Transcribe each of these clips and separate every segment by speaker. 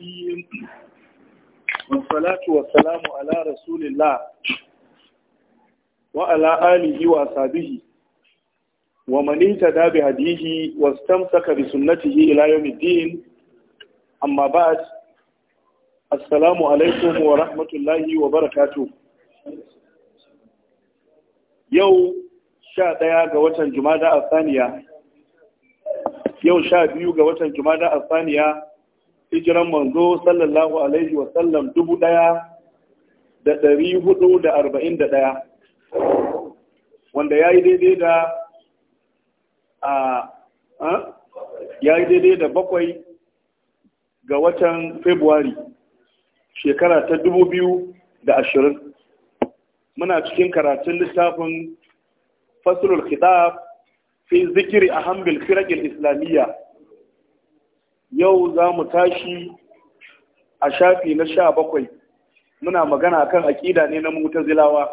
Speaker 1: الرجيم والصلاة والسلام على رسول الله وعلى آله وأصحابه ومن اهتدى بهديه واستمسك بسنته إلى يوم الدين أما بعد السلام عليكم ورحمة الله وبركاته يو شاء ɗaya ga جمادة الثانية a saniya yau sha biyu ga watan jumada a saniya hijiran manzo sallallahu alaihi wa sallam dubu ɗaya da ɗari hudu da arba'in da ɗaya wanda ya yi daidai da a ya yi daidai da bakwai ga watan februari shekara ta dubu biyu da ashirin muna cikin karatun littafin fasulul khitab fi zikiri a hambil firakil islamiyya yau za mu tashi a shafi na sha bakwai muna magana kan aƙida ne na mutazilawa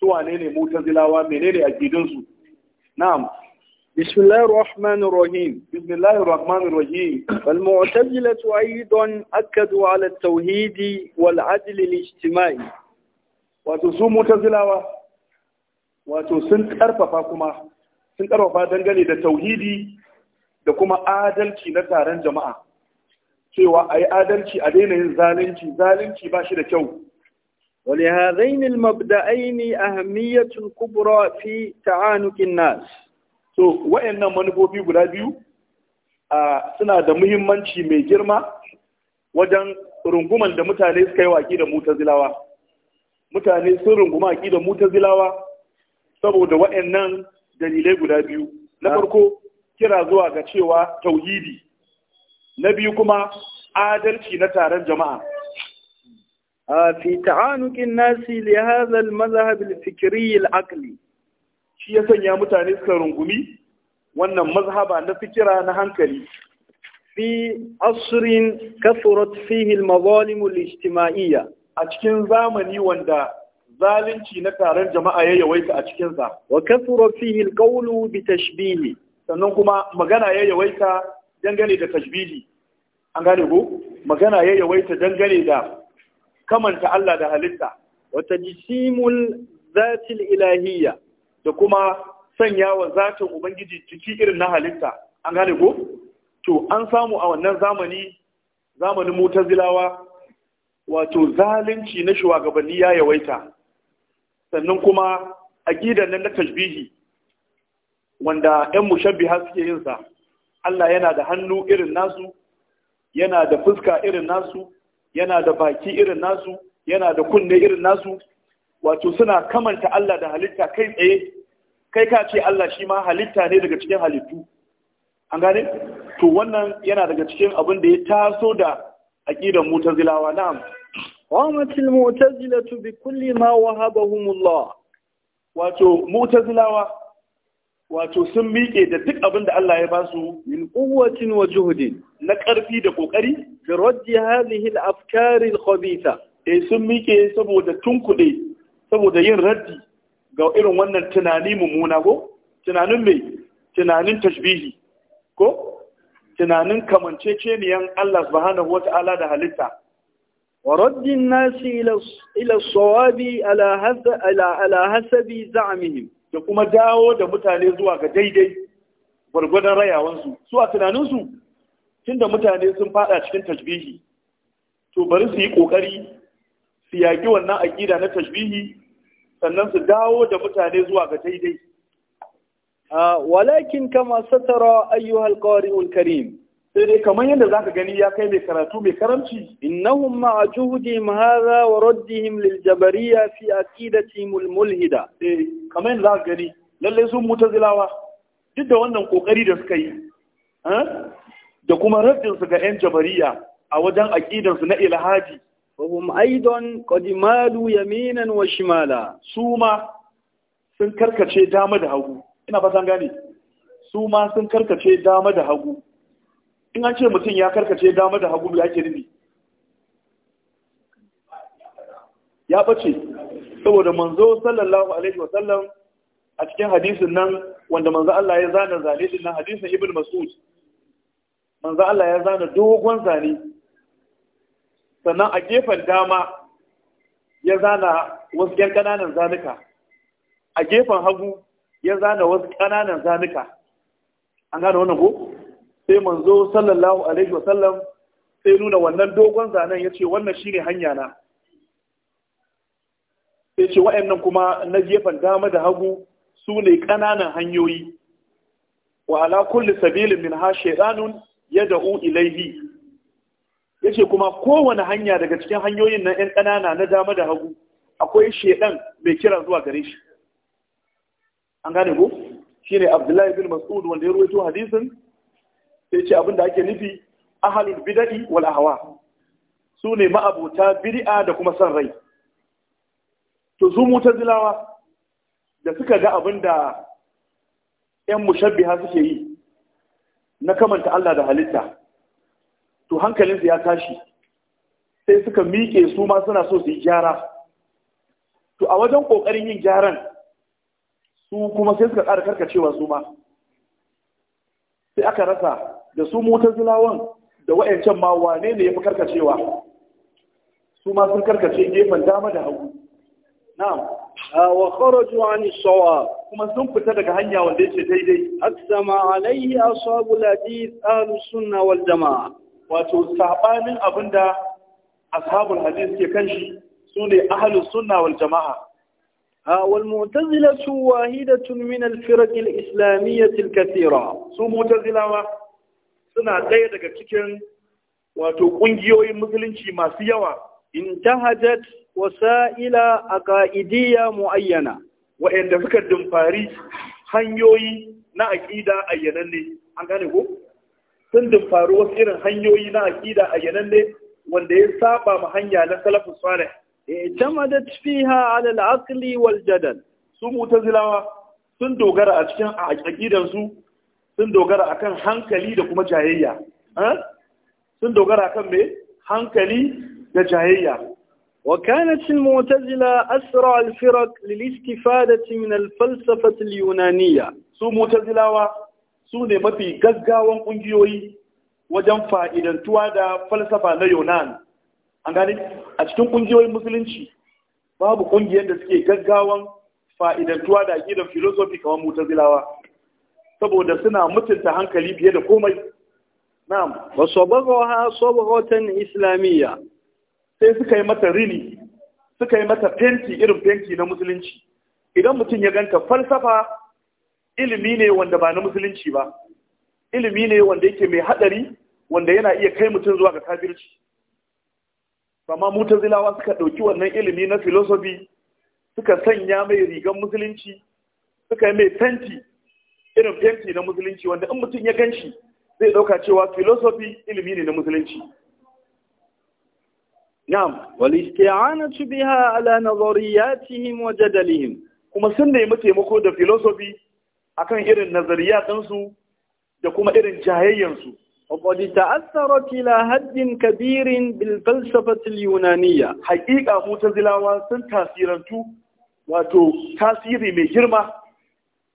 Speaker 1: suwa ne ne mutazilawa menene aƙidinsu na'am bismillahir rahmanir rahim bismillahir rahmanir rahim wal mu'tazilatu aidan akadu ala at-tauhid wal adl al-ijtimai wato su mutazilawa wato sun karfafa kuma sun karfafa dangane da tauhidi da kuma adalci na taron jama'a cewa a yi adalci a daina yin zalunci zalunci ba shi da kyau wani hazaini mabda'aini hamiyyacin kubura fi ta'anukin nas so wayannan manufofi guda biyu suna da muhimmanci mai girma wajen runguman da mutane suka yi waki da zilawa. mutane sun runguma waki da zilawa saboda wayannan dalilai guda biyu na farko kira zuwa ga cewa tauhidi na biyu kuma adalci na taron jama'a fi ta'anukin nasi li hadha al-madhhab al-fikri al-aqli shi ya sanya mutane suka rungumi wannan mazhaba na fikira na hankali fi asrin kathurat fihi al-mazalim al-ijtima'iyya a cikin zamani wanda zalunci na taron jama'a ya yawaita a cikinsa. Wa kasura fihi alqawlu bi tashbihi sannan kuma magana ya yawaita dangane da tajbili an gane ku magana ya yawaita dangane da kamanta Allah da halitta wata jisimul zatil ilahiyya da kuma sanya wa zatin ubangiji ciki irin na halitta an gane ku to an samu a wannan zamani zamanin mutazilawa wato zalunci na shugabanni ya yawaita sannan kuma aqidan nan na tajbihi wanda ‘yan mushabbiha suke yin sa Allah yana da hannu irin nasu yana da fuska irin nasu yana da baki irin nasu yana da kunne irin nasu wato suna kamanta Allah da halitta kai tsaye kai ka ce Allah shi ma halitta ne daga cikin halittu an gane to wannan yana daga cikin abin da ya taso da aƙidan mutazilawa na'am qamat al mu'tazilatu bi kulli ma wato wato sun miƙe da duk abin da Allah ya ba su min quwwatin wa na ƙarfi da ƙoƙari da raddi hadhihi al-afkar al-khabitha eh sun miƙe saboda tunkuɗe saboda yin raddi ga irin wannan tunani mummuna ko tunanin mai tunanin tashbihi ko tunanin kamanceceniyan Allah subhanahu wata'ala da halitta wa raddin nasi ila ila sawabi ala hasabi za'mihim da kuma dawo da mutane zuwa ga daidai gwargwadon rayawansu su a tunaninsu tunda mutane sun fada cikin tashbihi to bari su yi kokari su yaƙi wannan aƙida na tashbihi sannan su dawo da mutane zuwa ga daidai ah, walakin kama satara ayyuhal qari'ul karim sai dai kamar yadda zaka gani ya kai mai karatu mai karamci innahum ma'a juhdihim hadha wa raddihim lil jabariyya fi aqidatihim al mulhida eh kamar yadda zaka gani lallai sun mutazilawa duk da wannan kokari da suka yi eh, da kuma raddin su ga yan jabariya a wajen aqidan su na ilhaji wa hum aidan qad malu yaminan wa shimala su ma sun karkace dama da hagu ina fatan gane su sun karkace dama da hagu in an ce mutum ya karkace dama da hagu ya ke nufi ya bace saboda manzo sallallahu alaihi wa sallam a cikin hadisin nan wanda manzo Allah ya zana zane din nan hadisin ibn mas'ud manzo Allah ya zana dogon zane sannan a gefen dama ya zana wasu ƴan ƙananan zanuka a gefen hagu ya zana wasu ƙananan zanuka an gane wannan ko sai manzo sallallahu alaihi wasallam sai nuna wannan dogon zanen ya ce wannan shine hanya na sai ce wa'annan kuma na gefen dama da hagu su ne ƙananan hanyoyi wa ala kulli sabilin min ha shaytanun yad'u ilayhi yace kuma kowane hanya daga cikin hanyoyin nan 'yan ƙanana na dama da hagu akwai shaidan mai kira zuwa gare shi an gane ko shine Abdullahi bin Mas'ud wanda ya rawaito hadisin sai ce abin da ake nufi ahalul bidadi wal ahwa su ne ma'abuta bid'a da kuma san rai to su mutazilawa da suka ga abin da ‘yan mushabbiha suke yi na kamanta Allah da halitta, to hankalin su ya tashi, sai suka miƙe su ma suna so su yi gyara. To a wajen ƙoƙarin yin gyaran su kuma sai suka ƙara karkacewa su ma. Sai aka rasa da su mutazilawan da wa'ancan ma wane ne ya fi karkacewa su ma sun karkace gefen dama da hagu na'am ah, wa kharaju an sawa kuma sun fita daga hanya wanda yake daidai aksama alaihi ashabul hadith ahlus sunna wal jamaa wato sabanin abinda ashabul hadith ke kan shi sune ahlus sunna wal jamaa والمعتزلة واحدة من الفرق الإسلامية الكثيرة سو معتزلة suna ɗaya daga cikin wato ƙungiyoyin musulunci masu yawa intahajat wasa'ila ka'idiyya muayyana wa'anda suka dumfari hanyoyi na aƙida aqida ne. an gane ko sun dumfari wasu irin hanyoyi na aƙida aqida ne wanda ya saba ma hanya na salafus salih i'tamadat fiha 'ala al-aqli wal jadal su mutazilawa sun dogara a cikin aqidan su sun dogara akan hankali da kuma jayayya sun dogara akan me hankali da jayayya وكانت المعتزلة أسرع الفرق للاستفادة من الفلسفة su سو معتزلة su ne mafi gaggawan kungiyoyi wajen fa'idantuwa da falsafa na Yunan an gani a cikin kungiyoyin musulunci babu kungiyar da suke gaggawan fa'idantuwa da gidan philosophy kamar mu'tazilawa saboda suna mutunta hankali fiye da komai na'am wa sabagha islamiyya sai suka yi mata rini suka yi mata fenti irin fenti na musulunci idan mutum ya ganta falsafa ilimi ne wanda ba na musulunci ba ilimi ne wanda yake mai hadari wanda yana iya kai mutum zuwa ga kafirci amma mutazilawa suka ɗauki wannan ilimi na philosophy suka sanya mai rigan musulunci suka yi mai fenti irin fenti na musulunci wanda in mutum ya ganshi zai dauka cewa filosofi ilimi ne na musulunci na'am wal isti'anatu biha ala nazariyatihim wa jadalihim kuma sun nemi taimako da filosofi akan irin nazariyatin su da kuma irin jayayyan su وقد تأثرت إلى حد كبير بالفلسفة اليونانية حقيقة متزلاوة سن تأثيرا تو واتو تأثيري من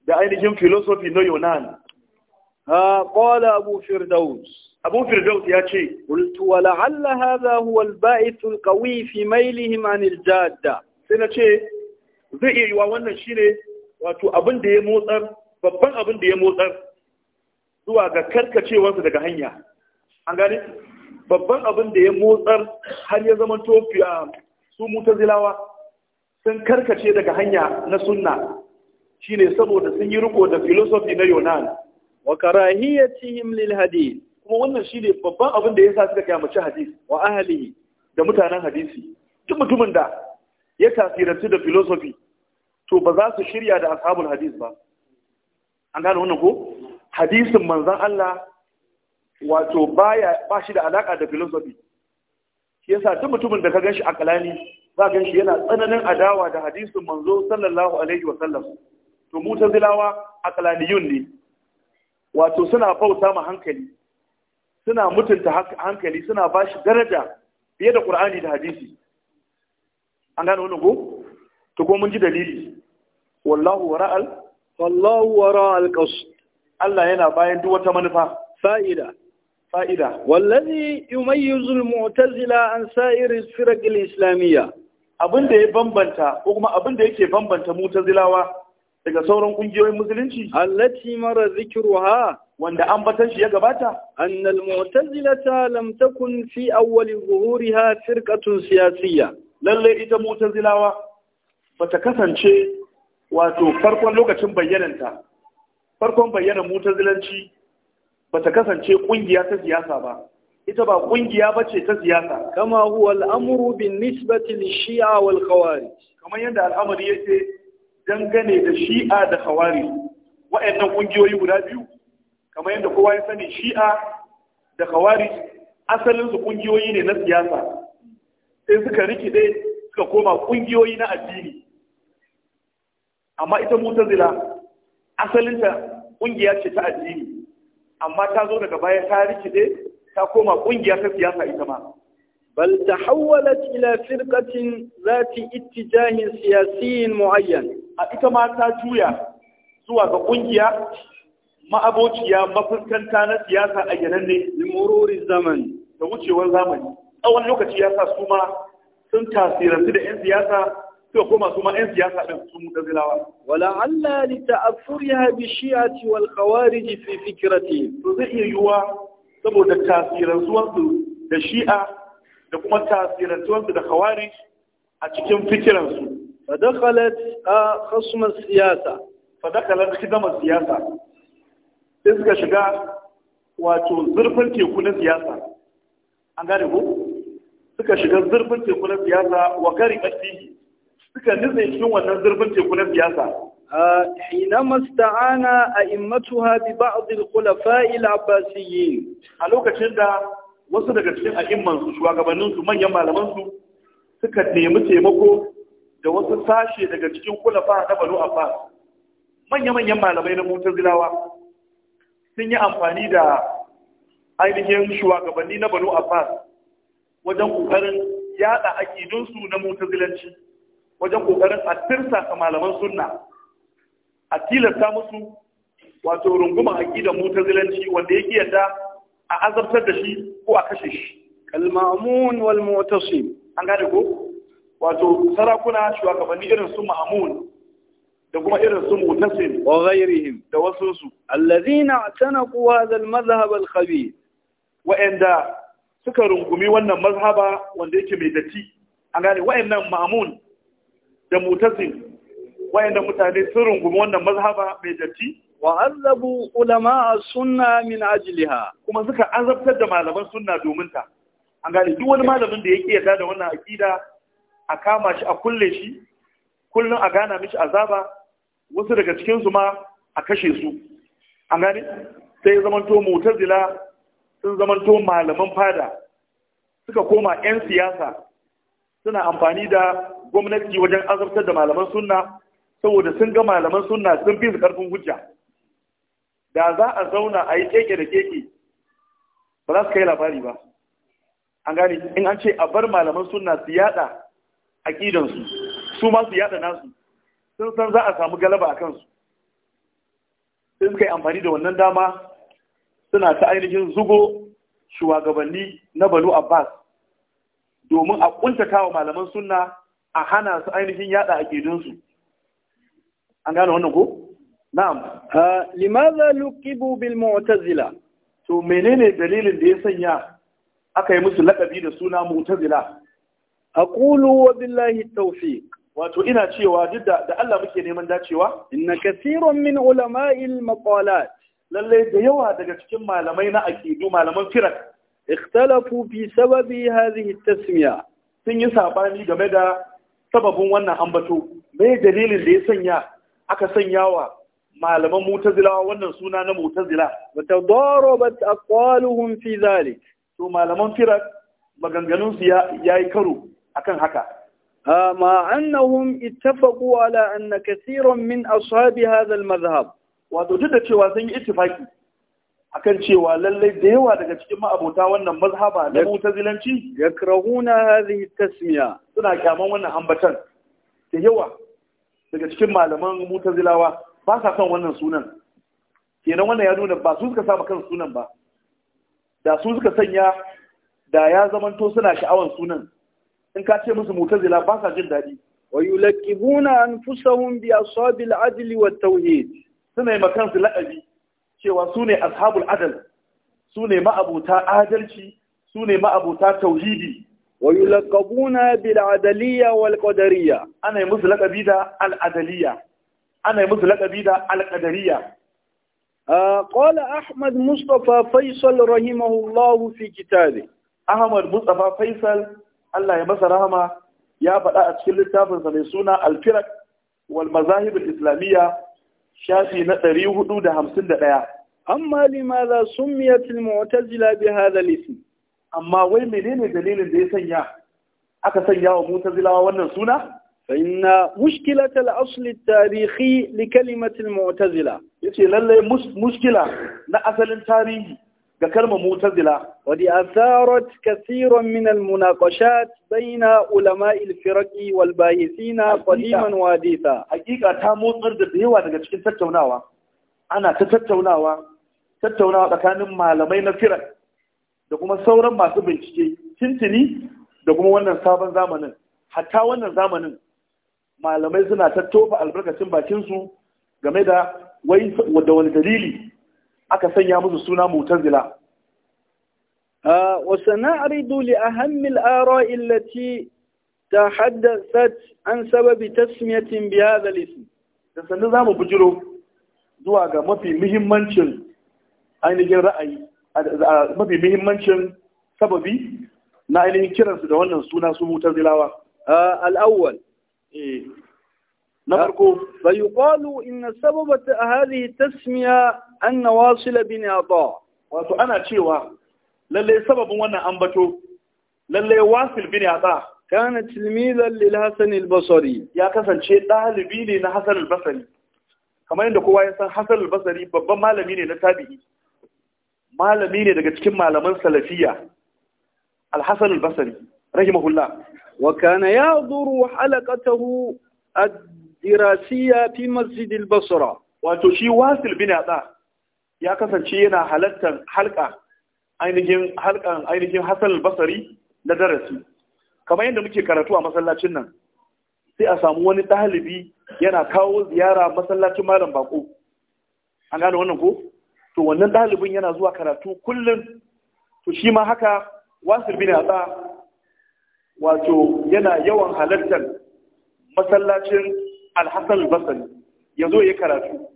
Speaker 1: da ainihin filosofi na Yunan. Ha qala Abu Firdaus Abu Firdaus ya ce qultu wa la'alla hadha huwa al-ba'ith al-qawi fi mailihim an jadda sai na ce zai iya yiwa wannan shi ne wato abin da ya motsar babban abin da ya motsar zuwa ga karkacewarsa daga hanya an gani? babban abin da ya motsar har ya zama tofiya ah, su mutazilawa sun karkace daga hanya na sunna Shi ne saboda sun yi riko da filosofi na Yunan wa karahiyatihim lil hadith kuma wannan shine babban abin da ya sa suka kyamaci hadith wa ahlihi da mutanen hadisi duk mutumin da ya tasirantu da filosofi to ba za su shirya da ashabul hadith ba an gane wannan ko hadisin manzon Allah wato baya ba shi da alaka da filosofi shi yasa duk mutumin da ka ganshi akalani za ka ganshi yana tsananin adawa da hadisin manzo sallallahu alaihi wa sallam to mutazilawa aqlaniyun ne wato suna bauta ma hankali suna mutunta hankali suna bashi daraja fiye da qur'ani da hadisi an gane wannan ko to ko mun ji dalili wallahu wara'al wallahu wara'al qasd Allah yana bayan duk wata manufa fa'ida fa'ida wallazi yumayyizu al-mu'tazila an sa'iri firaq al-islamiyya abinda ya bambanta ko kuma abinda yake bambanta mu'tazilawa daga sauran kungiyoyin musulunci allati mara zikruha wanda ambatan shi ya gabata annal mu'tazilata lam takun fi awwal zuhuriha firqatun siyasiyya lalle ita mu'tazilawa bata kasance wato farkon lokacin bayyananta farkon bayyanan mu'tazilanci bata kasance kungiya ta siyasa ba ita ba kungiya ce ta siyasa kama huwa al'amru bin nisbati shia wal khawarij kamar yadda al'amari yake dangane da shi'a da hawari waɗannan ƙungiyoyi guda biyu kamar yadda kowa ya sani shi'a da hawari asalinsu ƙungiyoyi ne na siyasa sai suka rikide suka koma ƙungiyoyi na addini amma ita mutazila asalinta ƙungiya ce ta addini amma ta zo daga baya ta rikide ta koma ƙungiya ta siyasa ita ma بل تحولت إلى فرقة ذات اتجاه سياسي معين أتما تاتويا سوى بقنجيا ما أبوتيا ما فكان كان سياسة أجنني لمرور الزمن تقولي والزمن أول لوكا سياسة سوما سنتاثيرا سيدة إن سياسة suka koma su ma 'yan siyasa ɗin sun muka zilawa. Wala Allah li ta'affuriha bi shi'ati wal khawarij fi fikrati. To zai iya yiwuwa saboda tasirin zuwansu da shi'a da kuma tasirantuwarsu da khawarij a cikin fikiransu fadakalat a khasumar siyasa fadakalat khidamar siyasa sai suka shiga wato zurfin teku na siyasa an gane ko suka shiga zurfin teku na siyasa wa gari ƙarfi suka nutse cikin wannan zurfin teku na siyasa A masta'ana حينما استعان أئمتها ببعض الخلفاء العباسيين. على وقت wasu daga cikin a'immansu shugabanninsu manyan malamansu suka nemi taimako da wasu sashe daga cikin kulafa na banu abbas manya-manyan malamai na motar zilawa sun yi amfani da ainihin shugabanni na banu abbas wajen ƙoƙarin yada aƙidunsu na motar zilanci wajen ƙoƙarin a tirsasa malaman sunna a tilasta musu wato runguma aƙidar motar zilanci wanda yake yadda a azabtar da shi ko a kashe shi kalmamun wal mutasim an gane ko wato sarakuna shugabanni irin su ma'amun da kuma irin su mutasim wa ghairihim da wasu su allazina tanaqu hadha al madhhab al khabith wa'anda suka rungumi wannan mazhaba wanda yake mai datti an gane wa'annan ma'amun da mutasim wa'anda mutane sun rungumi wannan mazhaba mai datti wa azabu ulama sunna min ajliha kuma suka azabtar da malaman sunna domin ta an gane duk wani malamin da yake yarda da wannan akida a kama shi a kulle shi kullun a gana mishi azaba wasu daga cikin su ma a kashe su an gane sai ya zamanto mutazila sun zamanto malaman fada suka koma 'yan siyasa suna amfani da gwamnati wajen azabtar da malaman sunna saboda sun ga malaman sunna sun fi su karfin hujja da za a zauna a yi keke da keke ba za su kai labari ba an gane in an ce a bar malaman suna su yada a aƙidansu su ma su yada nasu sun san za a samu galaba a kansu sai suka yi amfani da wannan dama suna ta ainihin zugo shugabanni na balu abbas domin a kuntata wa malaman suna a hana su ainihin yada a aƙidunsu an gane wannan ko na'am limaza luqibu bil mu'tazila to menene dalilin da ya sanya aka yi musu lakabi da suna mu'tazila A wa billahi tawfiq wato ina cewa duk da Allah muke neman dacewa inna kasirun min ulama'il maqalat Lallai da yawa daga cikin malamai na aƙidu malaman firak ikhtalafu fi sababi hadhihi tasmiya sun yi saɓani game da sababin wannan ambato Mai dalilin da ya sanya aka sanya wa malaman mutazilawa wannan suna na mutazila wata dorobat aqwaluhum fi zalik to malaman firar maganganun su yi karo akan haka ma annahum ittafaqu ala anna kaseeran min ashabi hadha almadhhab wato duk da cewa sun yi ittifaki akan cewa lallai da yawa daga cikin ma'abota wannan mazhaba na mutazilanci yakrahuna hadhihi tasmiya suna kyaman wannan ambatan da yawa daga cikin malaman mutazilawa ba sa son wannan sunan kenan wannan ya nuna ba su suka sa kan sunan ba da su suka sanya da ya zamanto suna sha'awan sunan in ka ce musu mutazila ba sa jin daɗi wa fi anfusahum bi ashabil adli wa tauhid suna yi makansu la'abi cewa su ne ashabul adal su ne ma'abuta adalci su ne ma'abuta tauhidi wa yulaqabuna bil adaliyya wal ana yi musu laƙabi da al ana yi musu laƙabi da alƙadariya. Ƙola ah, Ahmad Mustafa Faisal Rahimahullah fi kitabe. Ahmad mustafa Faisal, Allah ya masa rahama ya faɗa a cikin littafinsa mai suna Alfirak wal Mazahib Islamiyya shafi na ɗari hudu da hamsin da ɗaya. Amma limaza sun miya tilmi wata zila bi hada Amma wai menene dalilin da ya sanya aka sanya wa Zilawa wannan suna? فإن مشكلة الأصل التاريخي لكلمة المعتزلة يتي للي مشكلة نأثل تاريخي كلمة معتزلة ودي أثارت كثيرا من المناقشات بين علماء الفرق والباحثين قديما وحديثا حقيقة تامو da ديوا daga cikin tattaunawa ana ta tattaunawa tsakanin malamai na firak da kuma sauran masu bincike tintini da kuma wannan sabon zamanin hatta wannan zamanin malamai suna ta tofa albarkacin bakinsu game da da wani dalili aka sanya musu suna mutazila وسنعرض لأهم الآراء Aro تحدثت عن سبب تسمية بهذا الاسم sannan za mu bujiro zuwa ga mafi muhimmancin ainihin ra'ayi mafi muhimmancin sababi na ainihin kiransu da wannan suna su mutar zilawa. Ah, al'awwal. na farko fa yuqalu inna sababa hadhihi tasmiya an wasil bin ata wato ana cewa lalle sababin wannan ambato lalle wasil bin ata kana tilmizan lil hasan al ya kasance dalibi ne na hasan kamar yadda kowa ya san hasan babban malami ne na tabi'i malami ne daga cikin malaman salafiya al hasan rahimahullah wa kana ya'duru halaqatahu ad-dirasiyya fi masjid wato shi wasil bin ada ya kasance yana halartar halka ainihin halkan ainihin hasan al na darasi kamar yadda muke karatu a masallacin nan sai a samu wani ɗalibi yana kawo ziyara masallacin malam bako an gane wannan ko to wannan ɗalibin yana zuwa karatu kullum to shi ma haka wasu bin wato yana yawan halartar masallacin alhassan basari ya zo ya karatu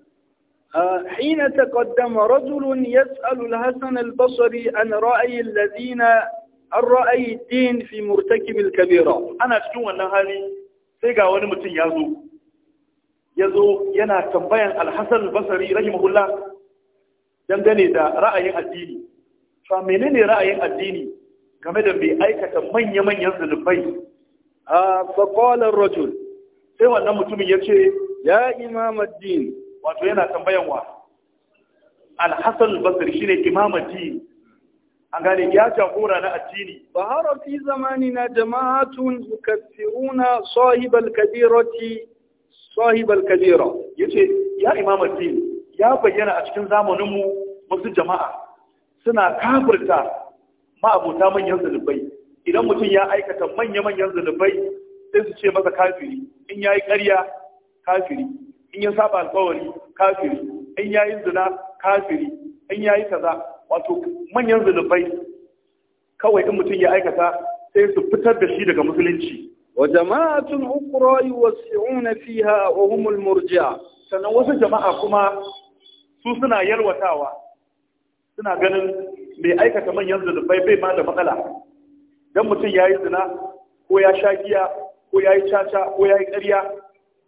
Speaker 1: حين تقدم رجل يسأل الحسن البصري عن رأي الذين an ra'ayi din fi murtakibin kabira ana cikin wannan hali sai ga wani mutum ya zo ya yana tambayan alhassan basari rahimahullah dangane da ra'ayin addini fa menene ra'ayin addini game da bai aikata manya-manyan zunubai a faƙolar rajul sai wannan mutumin ya ce ya imamaddin wato yana tambayan wa alhassan basir shi ne imamaddin an gane ya jagora na addini ba fi zamani na jama'atun kassiruna sahibal kabirati sahibal kabira ya ce ya imamaddin ya bayyana a cikin zamaninmu wasu jama'a suna kafirta ma'abuta manyan zunubai idan mutum ya aikata manya-manyan zunubai sai su ce masa kafiri in ya yi ƙarya kafiri in ya saba alkawari kafiri in ya yi zina kafiri in ya yi kaza wato manyan zunubai kawai in mutum ya aikata sai su fitar da shi daga musulunci wa jama'atun ukra yuwasi'una fiha wa humul murji'a sannan wasu jama'a kuma su suna yalwatawa suna ganin mai aikata manyan zunubai bai ma da matsala don mutum ya yi zina ko ya sha giya ko ya yi caca ko ya yi ƙarya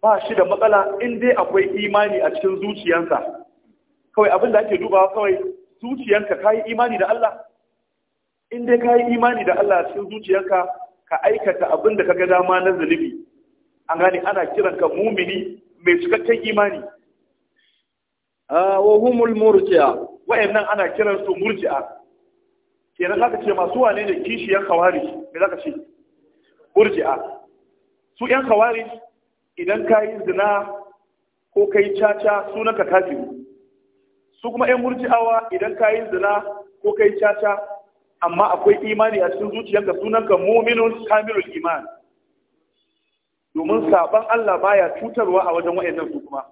Speaker 1: ba shi da matsala in dai akwai imani a cikin zuciyansa kawai abin da ake dubawa kawai zuciyanka ka yi imani da Allah in dai ka yi imani da Allah a cikin zuciyanka ka aikata abin da ka ga dama na zunubi an gane ana kiranka mumini mai cikakken imani ah, Wahumul humul wayannan ana kiran su murji'a kenan zaka ce masu wane ne kishiyar kawari me zaka ce murji'a su yan kawari idan ka yi zina ko kai caca caca sunanka kafiri su kuma yan murji'awa idan ka yi zina ko kai caca amma akwai imani a cikin zuciyarka sunanka muminun kamilul iman domin saban Allah baya cutarwa a wajen wayannan su kuma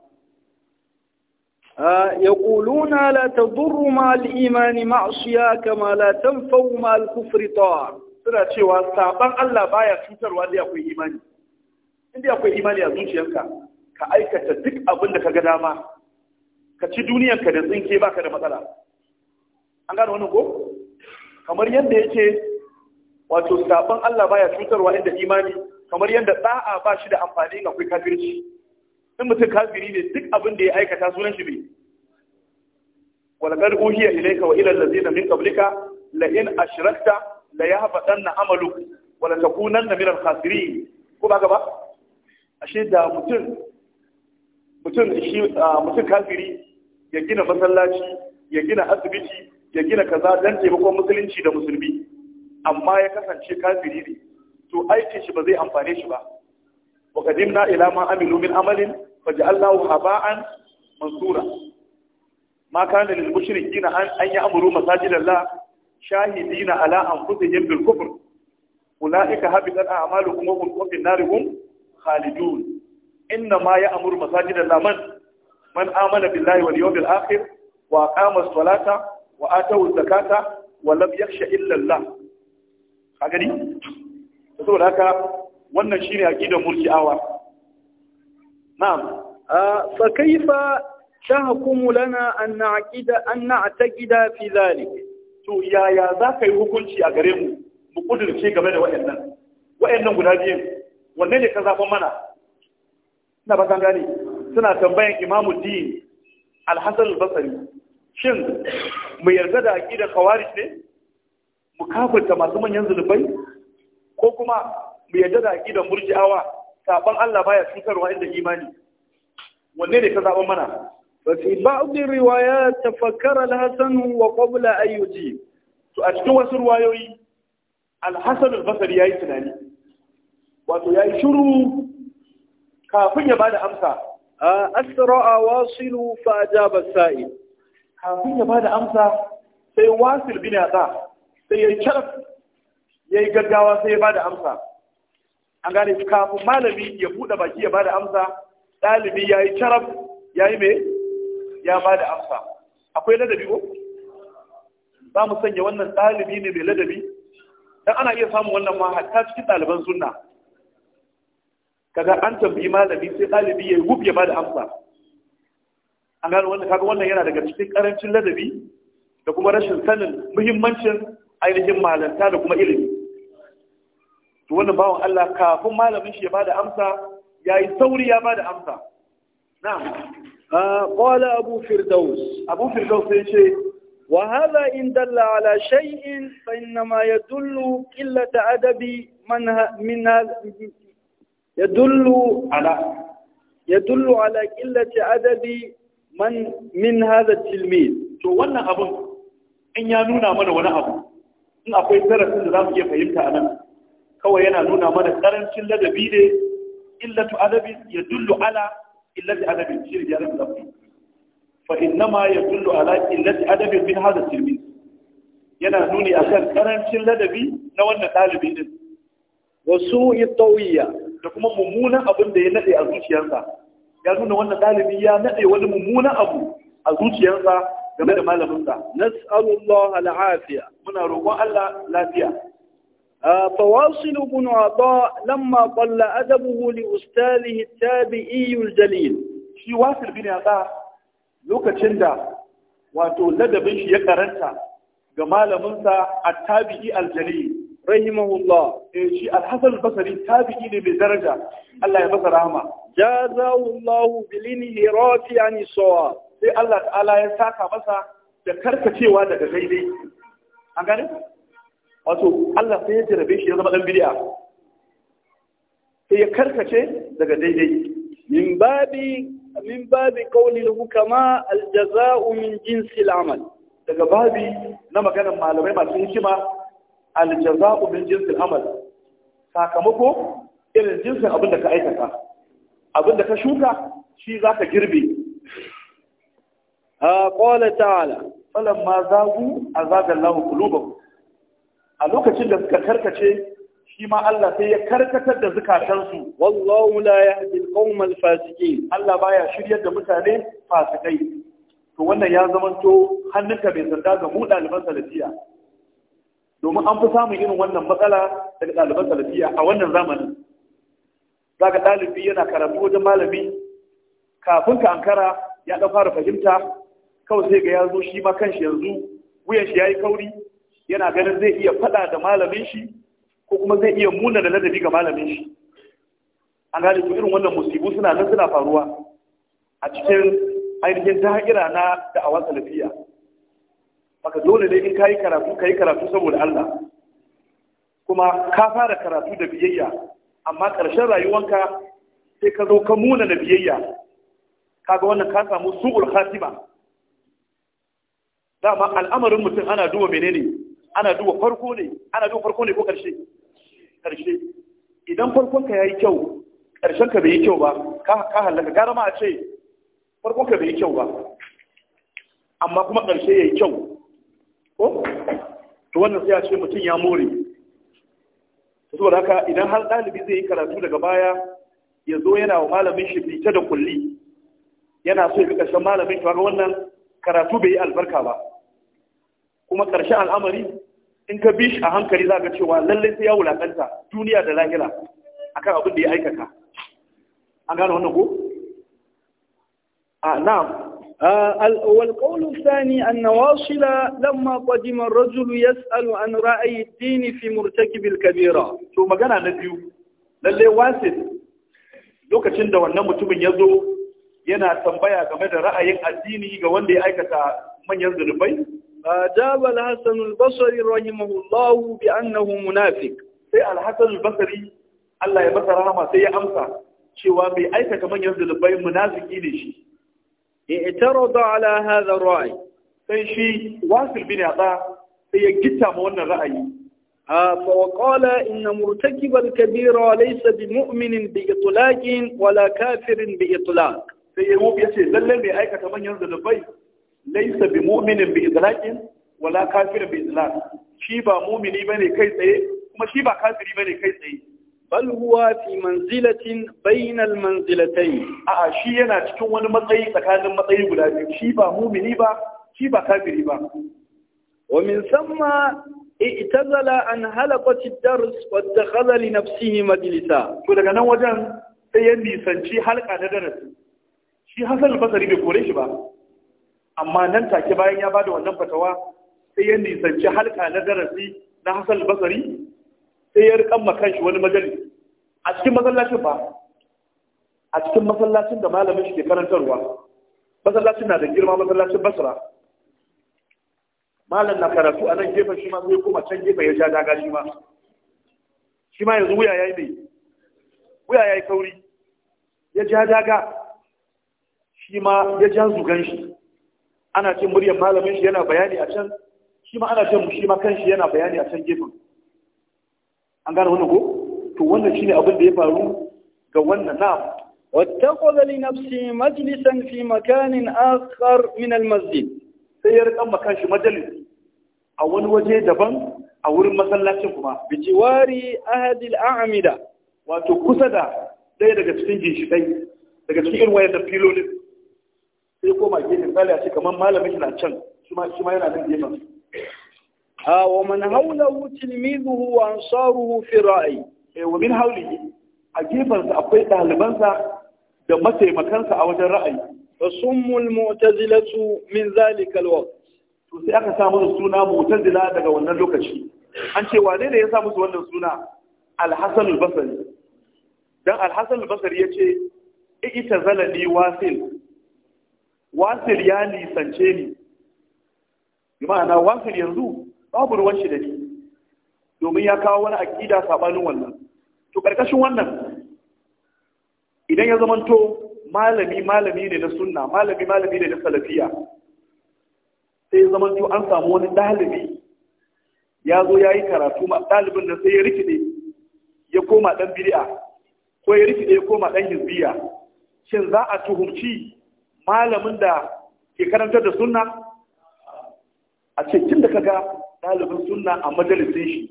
Speaker 1: يقولون لا تضر مع الإيمان معصية كما لا تنفع مع الكفر طاعة suna cewa saban Allah baya cutarwa da akwai imani inda akwai imani a zuciyarka ka aikata duk abin ka ga dama ka ci duniyarka da tsinke baka da matsala an gano wani ko kamar yadda yake wato saban Allah baya cutarwa inda imani kamar yadda da'a ba shi da amfani ga akwai kafirci in mutum kafiri ne duk abin da ya aikata sunan shi ne walaqad uhiya ilayka wa ila allazina min qablika la in ashrakta la yahbatanna amaluk wa la takunanna min al-khasirin ko ba gaba ashe da mutum mutum shi mutum kafiri ya gina masallaci ya gina asibiti ya gina kaza dan taimakon musulunci da musulmi amma ya kasance kafiri ne to aikin shi ba zai amfane shi ba wa qadimna ila ma amilu min amalin faj'alnahu haba'an mansura ma kana lil mushrikeena an an ya'muru masajidallah shahidina ala anfusihim bil kufr ulaika habitat a'maluhum wa hum fi narihum khalidun inna ma ya'muru masajidallah man man amana billahi wal yawmil akhir wa aqama as-salata wa atawu az-zakata wa lam yakhsha illa Allah ka saboda haka wannan shine aqidar murji'awa na'am fa kaifa tahkumu lana an na'qida an na'taqida yaya za ka yi hukunci a gare mu mu game da waɗannan waɗannan guda biyan wanne ne ka zaɓa mana ina ba gane suna tambayan imamu alhasan alhassan shin mu yarda da aƙidar khawarij ne mu kafirta masu manyan zulubai ko kuma mu yarda da aƙidar murji'awa sabon Allah baya sikarwa inda imani wanne ne ka zaɓa mana ba su ba ɗin riwaya ta fakara al-hassan wa ƙwabula iud to a cikin wasu ruwayoyi al-hassan al ya yi tunani wato ya yi shuru kafin ya ba amsa a asira a wasilu fa ja sa'i kafin ya bada amsa sai wasil bin ya sa sai ya yi kyar ya yi gaggawa sai ya bada amsa an gane kafin malami ya buɗe baki ya bada amsa ɗalibi ya yi carab ya yi mai ya bada amsa akwai ladabi ko za mu sanya wannan ɗalibi ne mai ladabi dan ana iya samun wannan ma hatta cikin ɗaliban sunna kaga an tambayi malami sai ɗalibi ya yi wuf ya bada amsa an gane wannan kaga wannan yana daga cikin karancin ladabi da kuma rashin sanin muhimmancin ainihin malanta da kuma ilimi to wannan bawan Allah kafin malamin shi ya bada amsa yayi sauri ya bada amsa na'am qala abu firdaus abu firdaus sai ce wa hadha in dalla ala shay'in fa inna ma yadullu qillat adabi man min yadullu ala yadullu ala qillati adabi man min hadha at-tilmid to wannan abun in ya nuna mana wani abu in akwai darasin da zamu iya fahimta anan kawai yana nuna mana karancin ladabi ne illatu adabin ya dullu ala illati adabin shirin ne yaran lafi fa innama ya dullu ala illati adabin min hadha tilmiz yana nuni akan karancin ladabi na wannan ɗalibi din wa yi tawiyya da kuma mummunan abin da ya nade a zuciyarsa ya nuna wannan ɗalibi ya nade wani mummunan abu a zuciyarsa game da malaminsa nas'alullahi al-afiya muna roƙon Allah lafiya فواصل بن عطاء لما قل أدبه لأستاذه التابعي الجليل شي واصل بن عطاء لوكا تشندا واتو لدبن شي يقرنتا جمال منسى التابعي الجليل رحمه الله شي الحسن البصري تابعي بدرجة الله يبصر رحمه جازاه الله بالانحراف عن الصواب sai Allah ta'ala ya saka masa da karkacewa daga daidai an gane wato Allah sai ya jarabe shi ya zama dan bid'a sai ya karkace daga daidai min babi min babi qawli hukama aljaza'u min jinsi daga babi na maganar malamai masu hikima aljaza'u min jinsi amal sakamako irin jinsin abin da ka aikata abin da ka shuka shi za ka girbe قال تعالى فلما زاغوا أزاغ الله قلوبهم a lokacin da suka karkace shi ma Allah sai ya karkatar da zukatansu wallahu la yahdi al-qawm Allah baya shiryar da mutane fasikai to wannan ya zamanto hannunka bai sanda ga mu daliban salafiya domin an fi samun irin wannan matsala daga ɗaliban salafiya a wannan zamanin zaka ɗalibi yana karatu wajen malami kafin ka ankara ya ɗan fara fahimta kawai sai ga yazo zo shi ma kanshi yanzu wuyan shi yayi kauri yana ganin zai iya faɗa da malamin shi ko kuma zai iya muna da ladabi ga malamin shi an gane su irin wannan musibu suna nan suna faruwa a cikin ainihin da'ira na da'awar salafiya baka dole ne in kayi karatu kayi karatu saboda Allah kuma ka fara karatu da biyayya amma ƙarshen rayuwanka sai ka zo ka muna da biyayya kaga wannan ka samu su'ul khatima dama al'amarin mutum ana duba menene ana duba farko ne ana duba farko ne ko karshe karshe idan farkon ka yayi kyau karshen ka bai yi kyau ba ka ka halaka gara ma a ce farkon ka bai yi kyau ba amma kuma karshe yayi kyau ko to wannan sai a ce mutum ya more saboda haka idan har ɗalibi zai yi karatu daga baya ya zo yana wa malamin shi fita da kulli yana so ya bi ƙarshen malamin shi wannan karatu bai yi albarka ba kuma ƙarshen al'amari in ka bi shi a hankali za ka cewa lallai sai ya wulaƙanta duniya da lahira a kan abin da ya aikata an gane wannan ko a an na الثاني أن Lamma لما Rajulu ya يسأل an ra'ayi Dini fi murtaki الكبيرة to magana na biyu lalle wasil lokacin da wannan mutumin ya zo yana tambaya game da ra'ayin addini ga wanda ya aikata manyan zunubai أجاب الحسن البصري رحمه الله بأنه منافق سي الحسن البصري الله يبصر رحمة سي أمسى شوى بي أيسا كمان ينزل بي منافق إليشي اعترض على هذا الرأي سي شي واصل بني أطاع سي جتا مونا رأي فوقال إن مرتكب الكبيرة ليس بمؤمن بإطلاق ولا كافر بإطلاق سي يموب يسي للي أيسا كمان ينزل بي laisa bi mu'minin bi izlaqin wala kafirin bi izlaq shi ba mu'mini bane kai tsaye kuma shi ba kafiri bane kai tsaye bal fi manzilatin bainal manzilatai. A'a shi yana cikin wani matsayi tsakanin matsayi guda biyu shi ba mu'mini ba shi ba kafiri ba wa عن حلقة الدرس واتخذ لنفسه مجلسا to daga nan wajen sai ya nisanci halka na darasi shi bai kore shi ba amma nan take bayan ya bada wannan fatawa sai ya nisanci halka na darasi na Hassan Basari sai ya rikan kanshi wani majalis a cikin masallacin ba a cikin masallacin da malamin shi ke karantarwa masallacin na da girma masallacin Basra malam na karatu a nan gefen shi ma zai koma can gefen ya ja daga shi ma shi ma yanzu wuya yayi mai wuya yayi kauri ya ja daga shi ma ya ja zugan shi ana cin muryar malamin shi yana bayani a can shi ma ana cin shi ma kanshi yana bayani a can gefen an gane wannan ko to wannan shine abin da ya faru ga wannan na wattakhadha li nafsi majlisan fi makanin akhar min almasjid sai ya rika makan shi majalisi a wani waje daban a wurin masallacin kuma bi jiwari ahadi al'amida wato kusa da daya daga cikin ginshikai daga cikin irin wayar da filolin sai koma gefe tsali a ce kamar malamin na can shi ma yana nan gefen a wa man wucin tilmizuhu wa ansaruhu fi ra'ayi eh wa min hauli a gefensa akwai ɗalibansa da mataimakansa a wajen ra'ayi fa summul mu'tazilatu min zalika alwaqt to sai aka samu suna mu'tazila daga wannan lokaci an ce wane ne ya sa musu wannan suna Alhassan albasari dan al-hasan yace ita zalani wasil wasir ya nisance ni bi ma'ana wasir yanzu babu ruwan shi da ni domin ya kawo wani aƙida saɓanin wannan to ƙarƙashin wannan idan ya zamanto malami malami ne na sunna malami malami ne na salafiya sai ya zamanto an samu wani ɗalibi ya zo ya yi karatu ɗalibin da sai ya rikide ya koma ɗan bid'a ko ya rikide ya koma ɗan hizbiya shin za a tuhumci malamin da ke karantar da sunna a ce tun da kaga dalibin sunna a majalisun shi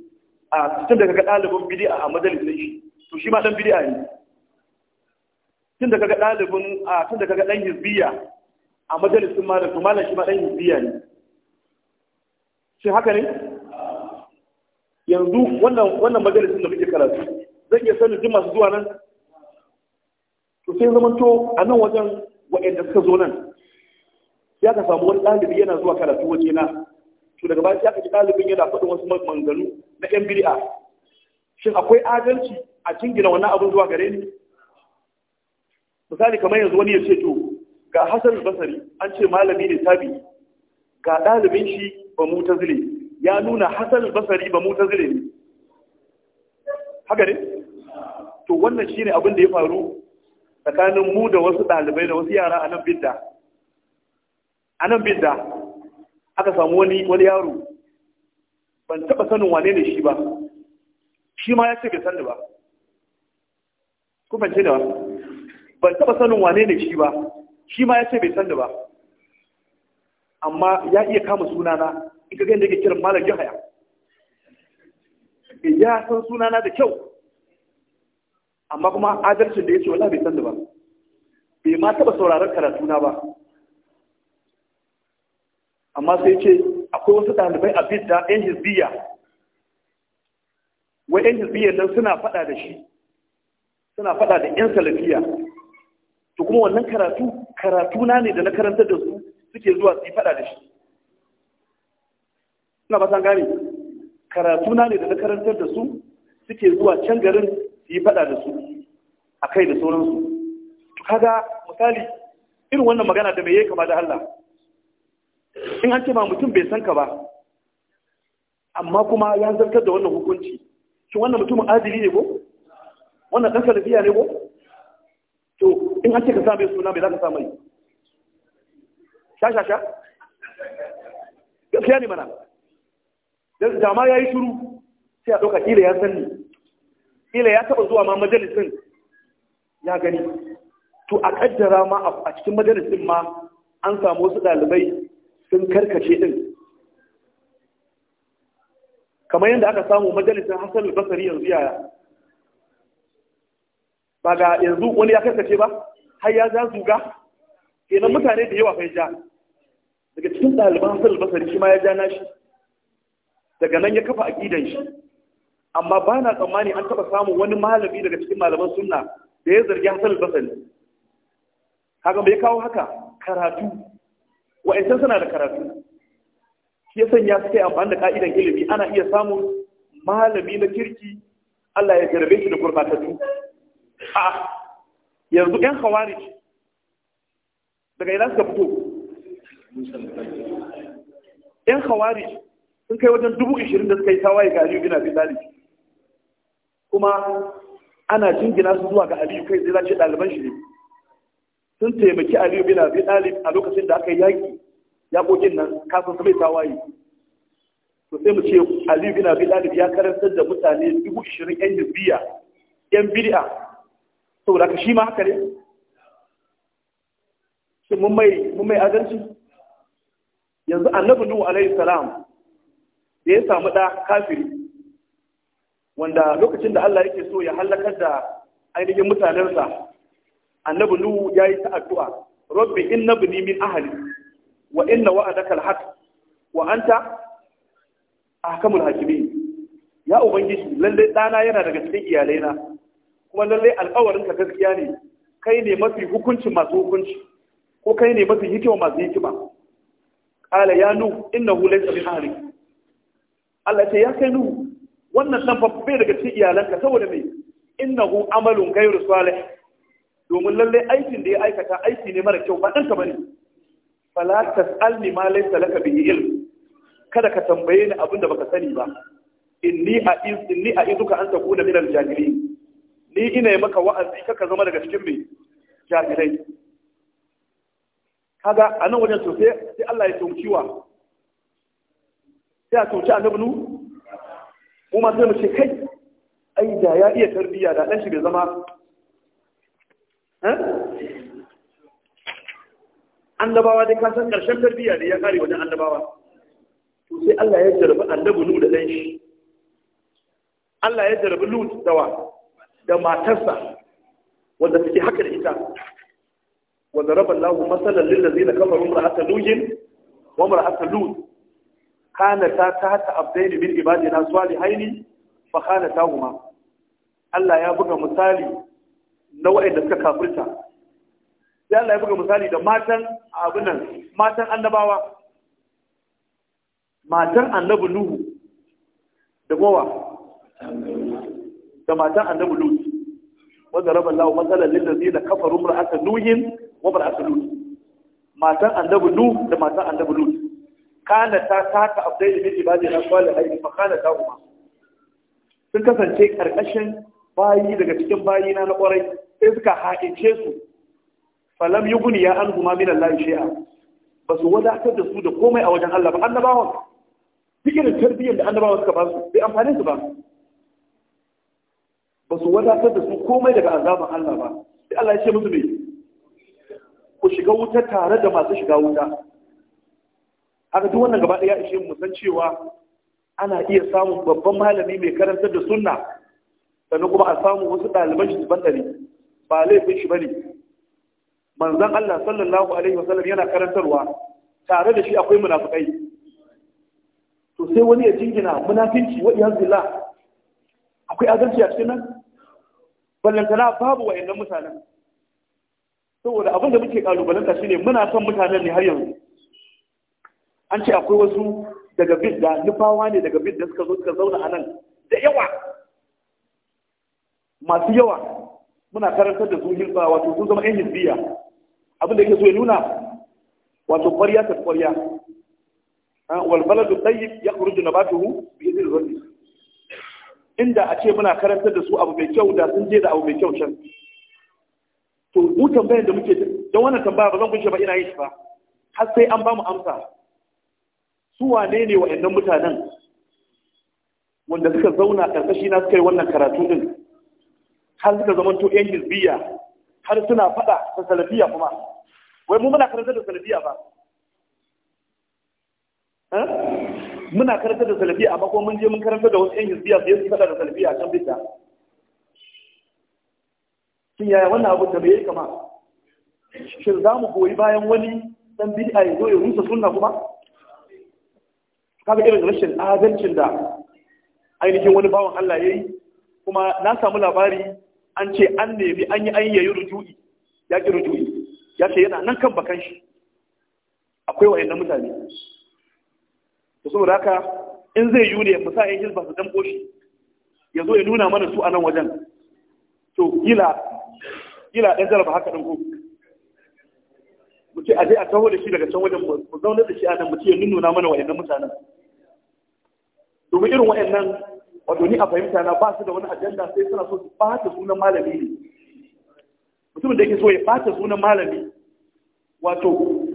Speaker 1: a tun da kaga dalibin bid'a a majalisun shi to shi ma ɗan bid'a ne tun da kaga dalibin a tun da kaga ɗan hizbiya a majalisin malam to malam shi ma dan hizbiya ne shi haka ne yanzu wannan wannan majalisin da muke karatu zan iya sanin duk masu zuwa nan to sai zamanto a nan wajen waɗanda suka zo nan ya ka samu wani ɗalibi yana zuwa karatu waje na to daga baya ya ka ji ɗalibin yana faɗin wasu maganganu na yan bid'a shin akwai adalci a jingina wannan abin zuwa gare ni misali kamar yanzu wani ya ce to ga Hassan Basari an ce malami ne tabi ga ɗalibin shi ba mutazile ya nuna Hassan Basari ba mutazile ne haka ne to wannan shine abin da ya faru tsakanin mu da wasu ɗalibai da wasu yara a nan bidda a nan bidda aka samu wani wani yaro ban taɓa sanin wane ne shi ba shi ma ya ce bai sani ba kuma ce da ban taɓa sanin wane ne shi ba shi ma ya ce bai sani ba amma ya iya kama sunana in ka gani da ke kiran malam jihaya ya san sunana da kyau amma kuma adalcin da ya ce wala bai san da ba bai ma taba sauraron karatuna ba amma sai ce akwai wasu ɗalibai a bidda yan hizbiya wai yan Hisbiya nan suna faɗa da shi suna faɗa da yan salafiya to kuma wannan karatu karatuna ne da na karanta da su suke zuwa su yi faɗa da shi suna ba san gane karatuna ne da na karantar da su suke zuwa can garin yi faɗa da su a kai da sauransu to kaga misali irin wannan magana da mai yi kama da Allah in an ce ma mutum bai san ka ba amma kuma ya zartar da wannan hukunci shi wannan mutumin adili ne ko wannan ɗan salafiya ne ko to in an ce ka sa suna mai za ka sa mai sha-sha-sha gaskiya ne mana da ma ya yi shuru sai a ɗauka ƙila ya san ni kila ya taɓa zuwa ma majalisin ya gani to a ƙaddara ma a cikin majalisin ma an samu wasu ɗalibai sun karkace din kamar yadda aka samu majalisin hassan Basari yanzu yaya ba ga yanzu wani ya karkace ba har ya za zuga kenan mutane da yawa kai ja daga cikin ɗaliban hassan basari shi ma ya ja nashi daga nan ya kafa aƙidan shi amma ba na tsammani an taɓa samun wani malami daga cikin malaman sunna da ya zargi hasan al haka bai kawo haka karatu wa'ancan suna da karatu shi ya sanya suke amfani da ka'idan ilimi ana iya samun malami na kirki Allah ya jarabe shi da gurbatattu a yanzu yan khawarij daga ina suka fito yan khawarij sun kai wajen dubu ishirin da suka yi tawaye ga Aliyu bin Abi Talib kuma ana jingina su zuwa ga aliyu kai zai zace ɗaliban shi ne sun taimaki aliyu bin abi ɗalib a lokacin da aka yi yaƙi ya yaƙoƙin nan kafin su mai tawaye to sai mu ce aliyu bin abi ɗalib ya karantar da mutane dubu ishirin yan hizbiya yan bid'a saboda ka shi ma haka ne shi mun mai mun mai adalci yanzu annabi nuhu alaihi salam da ya samu ɗa kafiri wanda lokacin da Allah yake so ya halakar da ainihin mutanensa annabi nuhu ya yi ta addu'a rabbi inna bini min ahli wa inna wa'adaka alhaq wa anta ahkamul hakimin ya ubangiji lalle dana yana daga cikin iyalaina kuma lalle alƙawarin ka gaskiya ne kai ne mafi hukunci masu hukunci ko kai ne mafi hikima masu hikima qala ya nuhu innahu laysa min ahli Allah ya ce ya kai nuhu wannan nan bai daga cikin iyalanka saboda mai innahu amalun ghayru salih domin lalle aikin da ya aikata aiki ne mara kyau ba dan ka bane fala tasalni ma laysa laka bihi ilm kada ka tambaye ni abinda baka sani ba inni a inni a izuka an takuna min al-jahili ni ina maka wa'azi kaka zama daga cikin mai jahilai kaga anan wajen to sai Allah ya tunciwa sai a tunci annabi mu ma sai mu kai ai da ya iya tarbiyya da ɗanshi bai zama eh? annabawa dai kasan ƙarshen tarbiyya ne ya ƙare wajen annabawa to sai Allah ya jarabi annabi nu da ɗanshi. Allah ya jarabi lut da wa da matarsa wanda suke haka da ita wanda raba Allah masalan lil ladina kafaru ra'ata nuhin wa ra'ata lut khanata ta hata abdaini min ibadina salihaini fa khanatahuma Allah ya buga misali na waɗanda suka kafirta sai Allah ya buga misali da matan abunan nan matan annabawa matan annabi Nuhu da gowa da matan annabi Lut wanda raba Allah matsalar lil ladina kafaru ra'at nuhin wa ra'at lut matan annabi Nuhu da matan annabi Lut kana ta taka abdai miji ibadi da qala aiki fa kana ta kuma sun kasance karkashin bayi daga cikin bayi na na kwarai sai suka haƙince su falam yughni ya an huma min Allah shi'a ba su wadatar da su da komai a wajen Allah ba annabawan fikirin tarbiyyar da annabawan suka ba su bai amfane su ba ba su wadatar da su komai daga azaban Allah ba sai Allah ya ce musu me ku shiga wuta tare da masu shiga wuta haka duk wannan gaba ɗaya ishe mu san cewa ana iya samun babban malami mai karantar da sunna sannan kuma a samu wasu ɗaliban shi ban ɗari ba laifin shi bane manzon Allah sallallahu alaihi wasallam yana karantarwa tare da shi akwai munafikai to sai wani ya jingina munafinci wa iyyazillah akwai adalci a cikin nan ballantana babu wayannan mutanen saboda abin da muke kalubalanta shine muna son mutanen ne har yanzu an ce akwai wasu daga bidda nufawa ne daga bidda suka zo suka zauna a nan da yawa masu yawa muna karantar da su hilfa wato sun zama yan hizbiya abin da yake so ya nuna wato ƙwarya ta ƙwarya wal baladu tayyib yakhruju nabatuhu bi idhni rabbi inda a ce muna karantar da su abu mai kyau da sun je da abu mai kyau can to mu tambayar da muke don wannan tambaya ba zan kushe ba ina yin shi ba har sai an ba mu amsa su wane ne wa'annan mutanen wanda suka zauna karkashi na suka yi wannan karatu din har suka zama to yan hizbiya har suna fada da salafiya kuma wai mu muna karanta da salafiya ba muna karanta da salafiya amma kuma mun je mun karanta da wasu yan hizbiya sai su fada da salafiya can bisa shin yaya wannan abu da bai kama shin za mu goyi bayan wani dan bid'a ya zo ya rusa sunna kuma kaga irin rashin adalcin da ainihin wani bawan Allah ya yi kuma na samu labari an ce an nemi an yi an yayi rujui ya ki rujui ya ce yana nan kan bakan shi akwai wayannan mutane da saboda haka in zai yi ne mu sa yin hizba su damko shi ya zo ya nuna mana su a nan wajen to gila gila ɗan jarabar haka ɗan ko mu ce a je a taho da shi daga can wajen mu zaune da shi a nan mu ce ya nuna mana wayannan mutanen domin irin waɗannan wato ni a fahimta na ba su da wani ajanda sai suna so su fata sunan malami ne mutumin da yake so ya fata sunan malami wato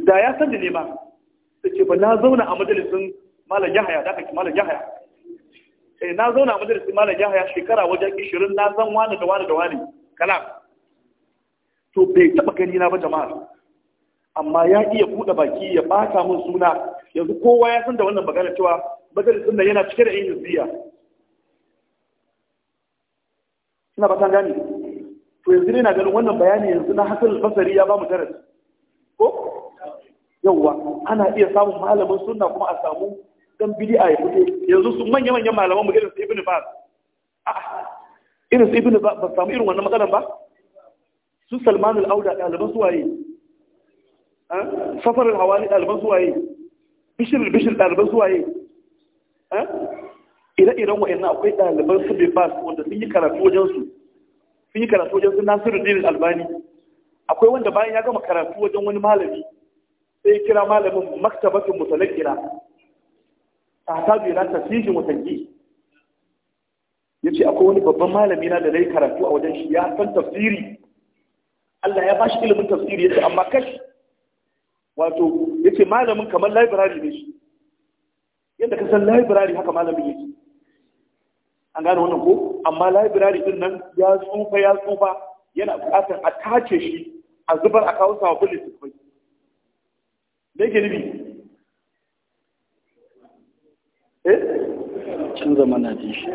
Speaker 1: da ya san da ne ma da ce ba na zauna a majalisin malam yahaya da aka malam yahaya sai eh, na zauna a majalisin malam yahaya shekara wajen ishirin na zan wani da wani da wani kalam to bai taba gani na ba jama'a amma ya iya buɗe baki ya bata min suna yanzu kowa ya san da wannan magana cewa majalisun sunna yana cike da yin ina ba gani to yanzu ne na ganin wannan bayani yanzu na hasan fasari ya ba mu tarar ko yawwa ana iya samun malamin sunna kuma a samu dan bid'a ya fito yanzu su manya manyan malaman mu irin su ibnu baz irin su ibnu ba ba samu irin wannan matsalan ba su salman al-auda daliban su waye safar al-hawali daliban su waye bishir bishir daliban su waye Eh? ire-iren wa'annan akwai ɗaliban su bai su wanda sun yi karatu wajen su sun yi karatu wajen su nasiru dinin albani akwai wanda bayan ya gama karatu wajen wani malami sai kira malamin maktabatin mutalakira a hasabu yana tasirin mutanki ya ce akwai wani babban malami na da na yi karatu a wajen shi ya san tafsiri Allah ya ba shi ilimin tafsiri ya ce amma kashi wato ya ce malamin kamar library ne shi yadda ka san library haka malamin yake an gane wannan ko amma library din nan ya tsufa ya tsufa yana buƙatar a tace shi a zubar a kawo sababbin littattafai me yake nufi eh canza na ji shi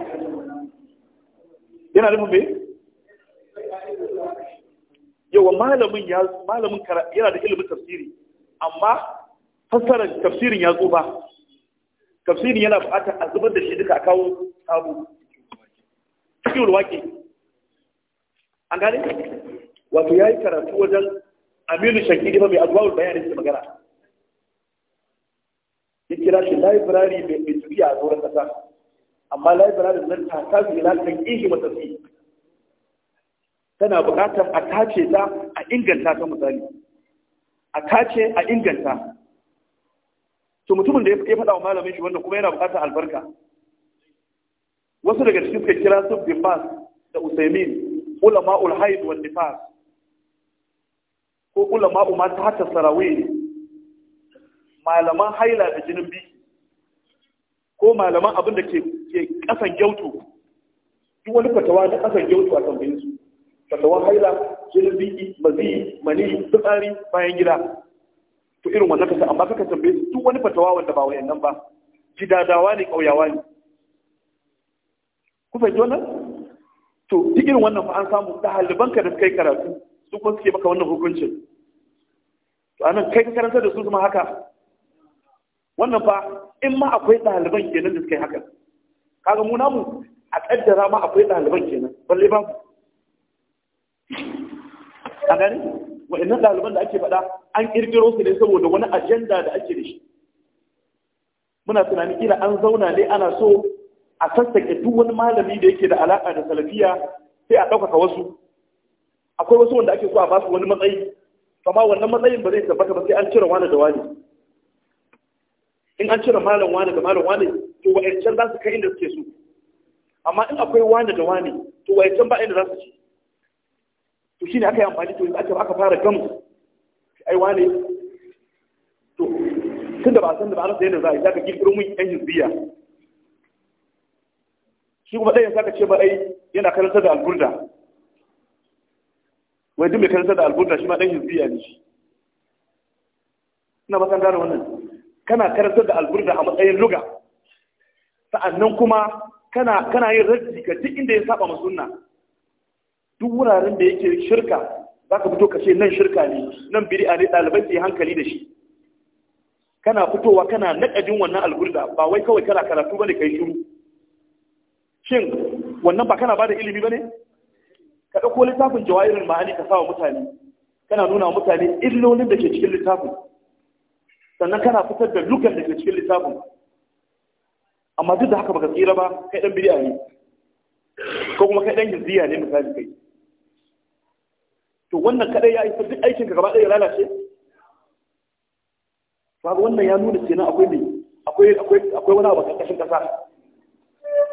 Speaker 1: yana nufin me yawa malamin ya malamin yana da ilimin tafsiri amma fassarar tafsirin ya tsufa tafsiri yana buƙatar a zubar da shi duka a kawo sabo cikin ruwaƙi an gane wato ya yi karatu wajen aminu ne ba mai azuwawar bayanin su magana ya kira shi laibirari mai mai tafiya a sauran ƙasa amma laibirarin nan ta tafi ila kan ihe wa tafi tana buƙatar a tace ta a inganta ta misali a tace a inganta to mutumin da ya faɗa wa malamin shi wannan kuma yana buƙatar albarka wasu daga cikin suka kira su bifas da usaimin ulama ulhaid wa nifas ko ulama umar ta hatta sarawi malaman haila da jinin biki ko malaman abin da ke kasan gyautu duk wani fatawa na kasan gyautu a tambayin su fatawan haila jinin biki mazi mani tsari, bayan gida to irin wannan kasa amma kaka tambaye su duk wani fatawa wanda ba wayannan ba gidadawa ne kauyawa ne ku fahimci wannan to duk irin wannan fa an samu ɗaliban ka da kai karatu su kuma suke maka wannan hukuncin to anan kai ka karanta da su kuma haka wannan fa in ma akwai ɗaliban kenan da suka yi haka kaga mu namu a kaddara ma akwai ɗaliban kenan balle ba? a gani wa'annan ɗaliban da ake faɗa an kirkiro su ne saboda wani ajanda da ake da shi muna tunanin kila an zauna ne ana so a sassake duk wani malami da yake da alaka da salafiya sai a ɗaukaka wasu akwai wasu wanda ake so a basu wani matsayi amma wannan matsayin ba zai tabbata ba sai an cire wani da wani in an cire malam wani da malam wani to wa'ancan za su kai inda suke so amma in akwai wani da wani to wa'ancan ba inda za su ci to shine aka yi amfani to aka aka fara gamsu aiwa ne, to tun da ba san da ba rasa yadda za a yi za ka kirkiro mun yan hizbiya shi kuma ɗayan za ka ce ba ai yana karanta da alburda wai duk mai karanta da alburda shi ma ɗan hizbiya ne shi ina ba gano gane wannan kana karanta da alburda a matsayin luga sa'annan kuma kana kana yin raddi ga duk inda ya saba masunna duk wuraren da yake shirka za ka fito ka ce nan shirka ne nan bid'a ne ɗalibai su yi hankali da shi kana fitowa kana naƙadin wannan algurda ba wai kawai kana karatu bane kai shiru shin wannan ba kana bada ilimi bane ka ɗauko littafin jawairin ma'ani ka sawa mutane kana nuna wa mutane illolin da ke cikin littafin sannan kana fitar da lukan da ke cikin littafin amma duk da haka baka tsira ba kai dan a ne ko kuma kai ɗan hizziya ne misali kai to wannan kadai ya isa duk aikin ka gaba ɗaya ya lalace babu wannan ya nuna kenan akwai ne akwai akwai akwai wani abu ƙarƙashin ƙasa.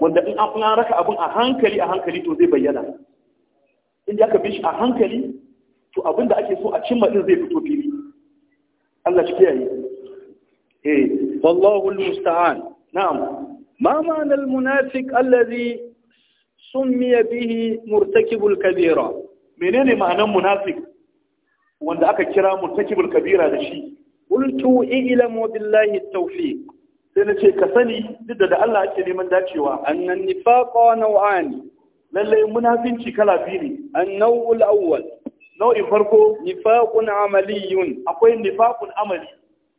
Speaker 1: wanda in an raka abun a hankali a hankali to zai bayyana in ya ka shi a hankali to abinda ake so a cimma din zai fito fili Allah shi kiyaye eh wallahu almusta'an na'am ما معنى المنافق الذي سمي به مرتكب Kabira. menene ma'anan munafik wanda aka kira murtakibul kabira da shi qultu ilamu billahi tawfiq sai na ce ka sani duk da Allah ake neman dacewa annan nifaqa naw'ani lalle munafinci kala biyu ne an awwal nau'in farko nifaqun amaliyun akwai nifaqun amali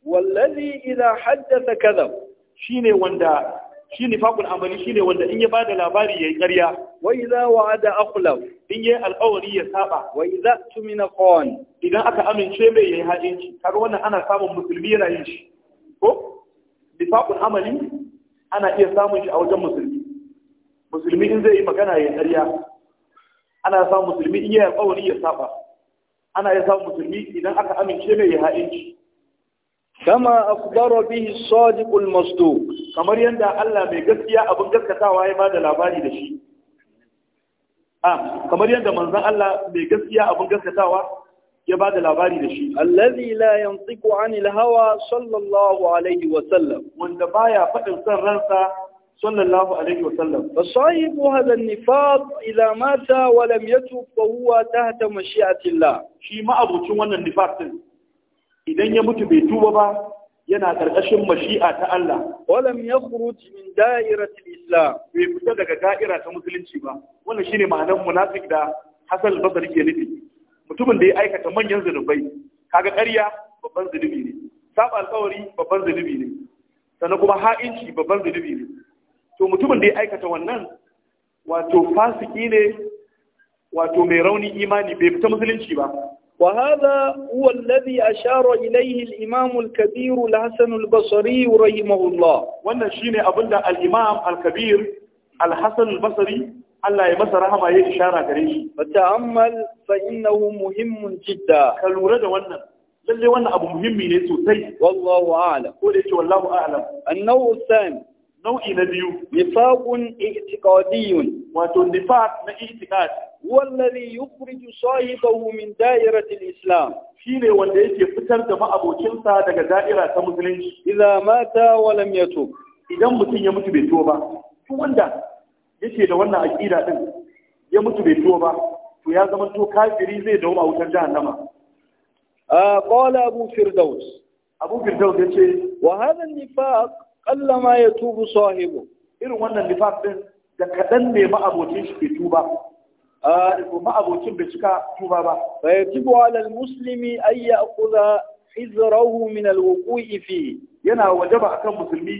Speaker 1: wallazi idha haddatha kadhab shine wanda shi nifaqul amali ne wanda in ya bada labari ya yi ƙarya wa da wa'ada akhlaf in yi alkawari ya saba wa idza mina qan idan aka amince mai yi hajjinci har wannan ana samun musulmi yana yin shi ko nifaqul amali ana iya samun shi a wajen musulmi musulmi in zai yi magana ya yi ƙarya ana samun musulmi in yi alkawari ya saba ana iya samun musulmi idan aka amince mai yi hajjinci kama akhbara bihi as-sadiq al-masduq kamar yanda Allah mai gaskiya abin gaskatawa ya bada labari da shi a ah, kamar yanda manzon Allah mai gaskiya abin gaskatawa ya bada labari da shi allazi la yantiqu anil hawa sallallahu alaihi wa sallam wanda baya fadin san ransa sallallahu alaihi wa sallam fa sahibu hadha an-nifaq ila mata wa lam yatub fa huwa tahta mashi'atillah shi ma abucin wannan nifaq din idan ya mutu bai tuba ba yana ƙarƙashin mashi'a ta Allah. Walam ya kuruci min da'iratul Islam bai fita daga da'ira ta musulunci ba. Wannan shine ma'anar munafik da Hassan al ke nufi. Mutumin da ya aikata manyan zunubai, kaga ƙarya babban zunubi ne, saba alƙawari babban zunubi ne, sannan kuma ha'inci babban zunubi ne. To mutumin da ya aikata wannan wato fasiki ne wato mai rauni imani bai fita musulunci ba. وهذا هو الذي أشار إليه الإمام الكبير الحسن البصري رحمه الله وانا شيني أبدا الإمام الكبير الحسن البصري الله يمسى رحمة إشارة كريش فتأمل فإنه مهم جدا كالورد وانا للي وانا أبو مهم يسو والله أعلم قولي والله أعلم النوع الثاني nau'i na biyu nifaqun i'tiqadiyyun wato nifaq na i'tiqad wallazi yukhriju sahibahu min da'irati al-islam shine wanda yake fitar da sa daga da'ira ta musulunci idan mata wa lam yatub idan mutum ya mutu bai tuwo ba to wanda yake da wannan aqida din ya mutu bai tuwo ba to ya zama to kafiri zai dawo a wutar jahannama qala abu firdaus abu firdaus yace wa hadha an-nifaq qalla ya tubu sahibu irin wannan nifas din da kadan ne ma'abocin shi ke tuba a ma'abocin bai cika tuba ba fa yatubu ala almuslimi ay ya'khudha hizrahu min alwuqu'i fi yana wajaba akan musulmi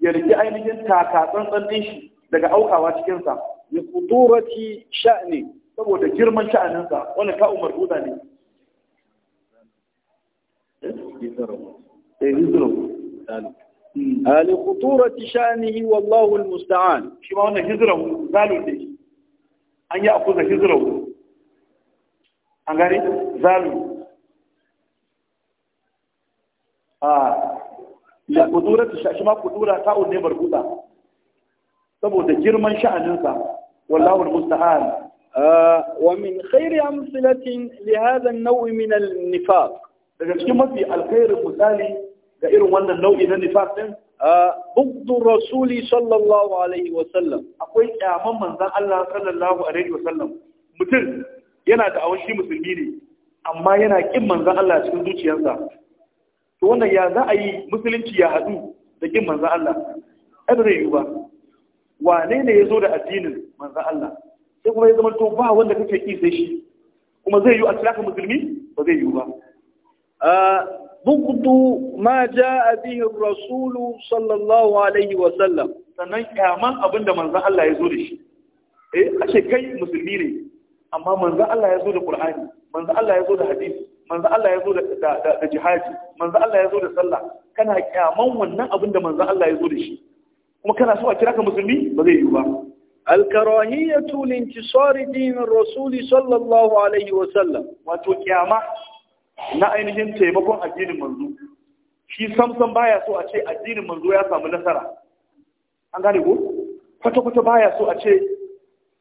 Speaker 1: ya riki ainihin takatsantsan din shi daga aukawa cikin sa ya quturati sha'ni saboda girman sha'aninsa wannan ka umar duda ne eh hizrahu eh, آه، لخطورة شأنه والله المستعان شما وانا هزره زالوا لي أن يأخذ هزره أن أنغاري زالوا آه لخطورة شما خطورة تاو قدا كودا سبو من شأن شأنه والله المستعان آه ومن خير أمثلة لهذا النوع من النفاق لكن كما في الخير المثالي ga irin wannan nau'i na nifas ɗin? bugdu rasuli sallallahu alaihi wa sallam akwai kyaman manzan Allah sallallahu alaihi wa sallam mutum yana da awon shi musulmi ne amma yana kin manzon Allah cikin zuciyarsa to wannan ya za a yi musulunci ya hadu da kin manzon Allah adrai ba wane ne ya zo da addinin manzon Allah sai kuma ya zama to ba wanda kake ki sai shi kuma zai yi a tsaka musulmi ba zai yi ba ضد ما جاء به الرسول صلى الله عليه وسلم sannan kyaman abin da manzan Allah ya zo da shi eh ashe kai musulmi ne amma manzan Allah ya zo da Qur'ani manzan Allah ya zo da hadisi manzan Allah ya zo da da jihadi manzan Allah ya zo da sallah kana kyaman wannan abin da manzan Allah ya zo da shi kuma kana so a kira ka musulmi ba zai yi ba الكراهية لانتصار دين الرسول صلى الله عليه wato وتقيامه na ainihin taimakon addinin manzo shi samson baya so a ce addinin manzo ya samu nasara an gane ko kwata-kwata baya so a ce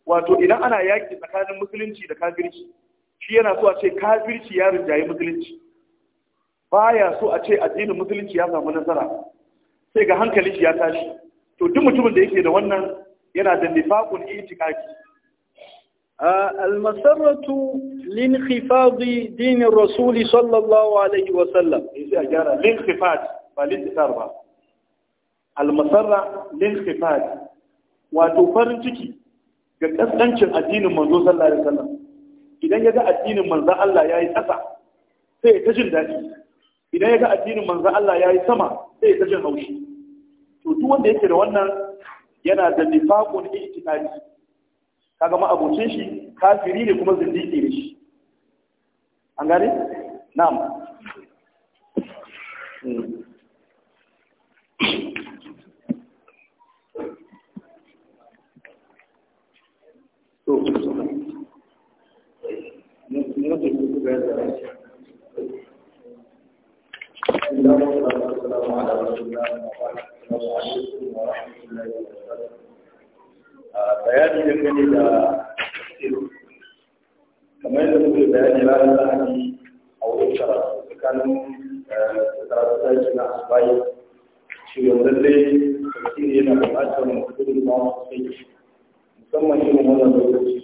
Speaker 1: wato idan ana yaki tsakanin musulunci da kafirci shi yana so a ce kafirci ya rinjaye musulunci baya so a ce addinin musulunci ya samu nasara sai ga hankali shi ya tashi to duk mutumin da yake da wannan yana da nifaqul itiqadi المسرة لانخفاض دين الرسول صلى الله عليه وسلم لانخفاض فالانتصار المسرة لانخفاض wato farin ciki ga kasancin addinin manzo sallallahu alaihi idan ya ga addinin manzo Allah yayi ƙasa sai ya tajin daɗi idan ya ga addinin manzo Allah yayi sama sai ya tajin haushi to duk wanda yake da wannan yana da nifaqun ijtihadi kaga ma abocin shi kafiri ne kuma zindiki ne shi an gane na'am hmm. bayani da gani da kamar yadda muke bayani ranar lahani a wurin karatu tsakanin eh, karatu ta yi na asibayi cewa lallai tafsiri yana buƙatar mutum ma sosai musamman irin wannan lokaci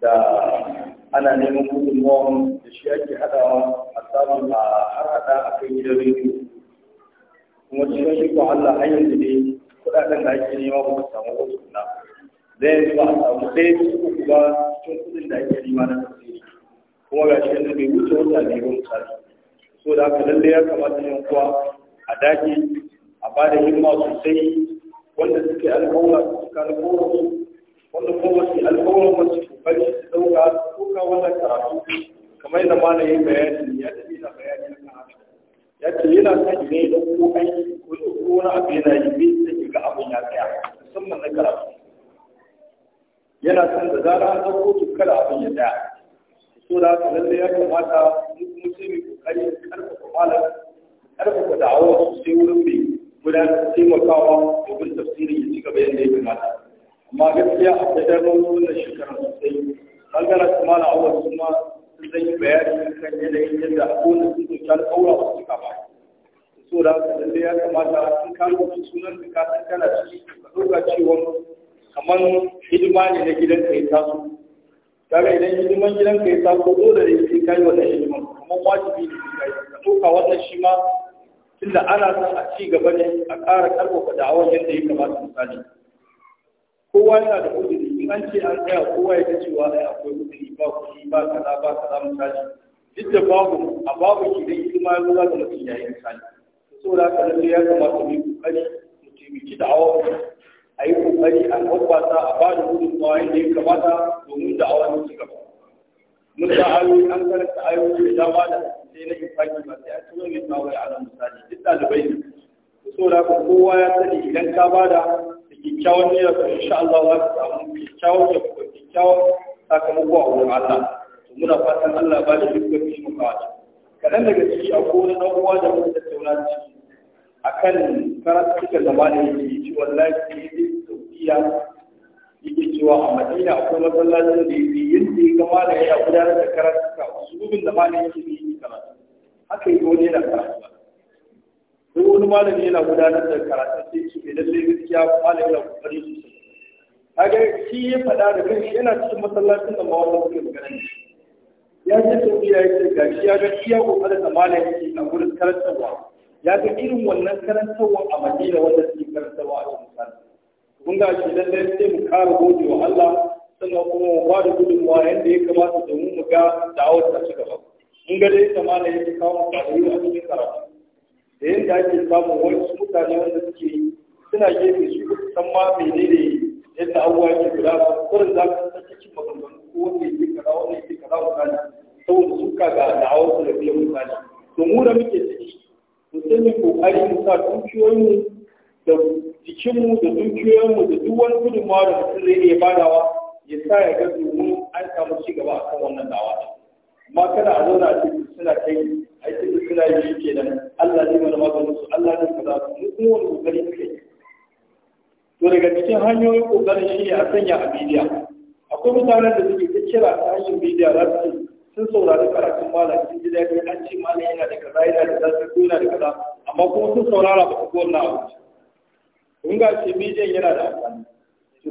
Speaker 1: da ana neman gudunmawar da shi ake haɗawa a samun a har haɗa a kan gidan rediyo kuma cikin shi ko Allah hanyar da ne? kuɗaɗen da ake nema ba samu wasu na da yanzu ba a samu ɗaya da suka ku ba cikin kudin da ake rima na tafsiri kuma ga shi yanzu bai wuce wata biyu ba misali so da haka lallai ya kamata yan kuwa a dage a ba da himma sosai wanda suke alƙawura su suka alƙawura su wanda kuma su alƙawura wasu su bari su ɗauka su ka wannan karatu kamar yadda ma na yi bayani ya tafi na bayani na haka ya ce yana sani ne don ko aiki ko wani abu yana yi bai sai ga abin ya tsaya musamman na karatu yana son da zara an ɗauko tukkar abin ya daya so da haka lalle ya kamata mu sai mu kokari karfafa malam karfafa da'awa sai wurin mai gudanar taimakawa domin tafsirin ya ci gaba yadda ya kamata amma gaskiya akwai damar wannan shekara sosai bangaren su malam awal su ma sun zan yi bayani kan yanayin yadda abubuwan sun doki alƙawura su cika ba so da haka lalle ya kamata sun su sunan da kasar kana ciki ka ɗauka cewa kamar hidima ne na gidan ka ya taso kaga idan hidiman gidan ka ya taso dole ne sai kai wannan hidiman kuma wajibi ne sai kai ka doka wannan shi ma tunda ana son a ci gaba ne a ƙara ƙarfafa da'awar yadda ya kamata misali kowa yana da uzuri in an ce an tsaya kowa ya ta cewa ai akwai uzuri ba kuɗi ba kaza ba kaza misali duk da babu a babu idan hidima ya zama da mutum yayin misali saboda haka lalle ya kamata mu yi ƙoƙari mu taimaki da'awar a yi kokari a kwakwata a ba da gudunmawa da ya kamata domin da awon ci gaba
Speaker 2: mun sa ayoyi
Speaker 1: an karanta ayoyi da dama da sai na infaki ba sai a ci wani tawai a nan misali duk ɗalibai ne ku so da kowa ya sani idan ka ba da kyakkyawan niyyar ka insha Allah za ka samu kyakkyawan da kuma kyakkyawan sakamako a wurin Allah to muna fatan Allah ba da dukkan shi mu kawai kaɗan daga ciki a kowane ɗan uwa da muka tattauna ciki akan karatun da ba da yi ci wallahi ya yake cewa a madina akwai masallacin da yake yadda ya kama da ya gudanar da karatuka usulubin da malamin yake yi karatu haka yi wani yana karatu sai wani malami yana gudanar da karatu sai su da lallai gaskiya malami yana kokari Ta kaga shi ya faɗa da kanshi yana cikin masallacin da mawalan suke magana ne ya ce to ya ce shi ya ga iya kokarin da malami yake a gurin karantarwa ya ga irin wannan karantarwa a madina wanda suke karantarwa a cikin kun ga shi lallai sai mu kara gode wa Allah sannan kuma mu ba da gudunmawa yadda ya kamata domin mu ga da'awar ta ci gaba mun ga dai ne yake kawo mu a cikin karatu da yadda ake samun wasu mutane wanda suke suna gefe su san ma menene yadda abuwa ke guda ba kurin za ka sake cikin maganganu ko wanda yake kaza wanda yake kaza mutane, saboda suka ga da'awar su da biyan mutane. to mu da muke ciki mu sai mu kokari mu sa dukiyoyin da jikinmu da dukiyoyinmu da duk wani gudunmawa da mutum zai iya badawa ya sa ya ga domin an samu ci gaba a kan wannan dawa amma kada a zauna a cikin suna kai a cikin suna yi shi nan Allah ne mana maganin su Allah ne kaza su mu kuma wani kokari suke to daga cikin hanyoyin kokarin shi ne a sanya a bidiya akwai mutanen da suke ta kira ta hanyar bidiya za su ce sun saurari karatun malam sun ji daɗi an ce malam yana da kaza yana da kaza yana da kaza amma kuma sun saurara ba su ko wannan abu kun ga ce bidiyon yana da amfani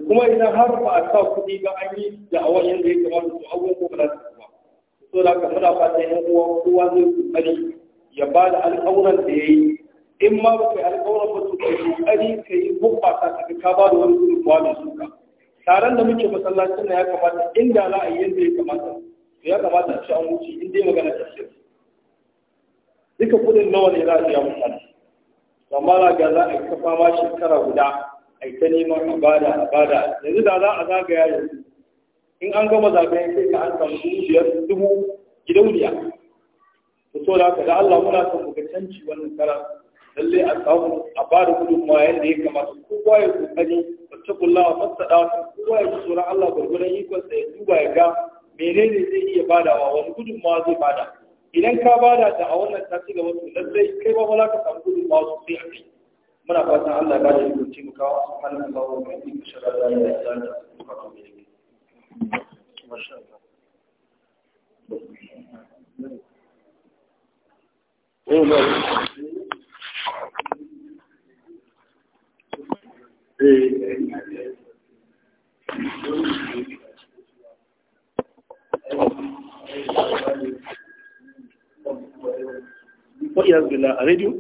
Speaker 1: kuma idan har ba a sa kuɗi ba an yi da awon yadda ya kamata su abubuwan ko ba za su kuma so da ka fara fata yan uwa kowa zai kokari ya ba da alƙawuran da ya yi in ma ba kai alƙawuran ba su ka yi kokari ka yi hoɓɓasa ka ka ba da wani gudunmuwa mai suka taron da muke masallacin na ya kamata inda za a yi yadda ya kamata ya kamata a ci an wuce in dai magana shirya duka kuɗin nawa ne za a biya mutane amma na ga za a yi kafa ma shekara guda a yi ta neman abada abada yanzu da za a zagaya yanzu in an gama zagaya sai ka an samu dubu biyar dubu gidauniya to so da da Allah muna son mu ga canci wannan kara lalle a samu a ba da gudunmawa yadda ya kamata kowa ya kokari fattakullawa fassada kowa ya ji tsoron Allah gwargwadon ikonsa ya duba ya ga menene zai iya badawa wani gudunmawa zai bada idan ka bada ta a wannan ta ci gaba lallai kai ba za ka samu gudun ba sai a kai muna fatan Allah ya ba da ikon taimakawa subhanallahi wa bihamdihi ashhadu an la ilaha illa anta Thank you. ko iya zubila a rediyo?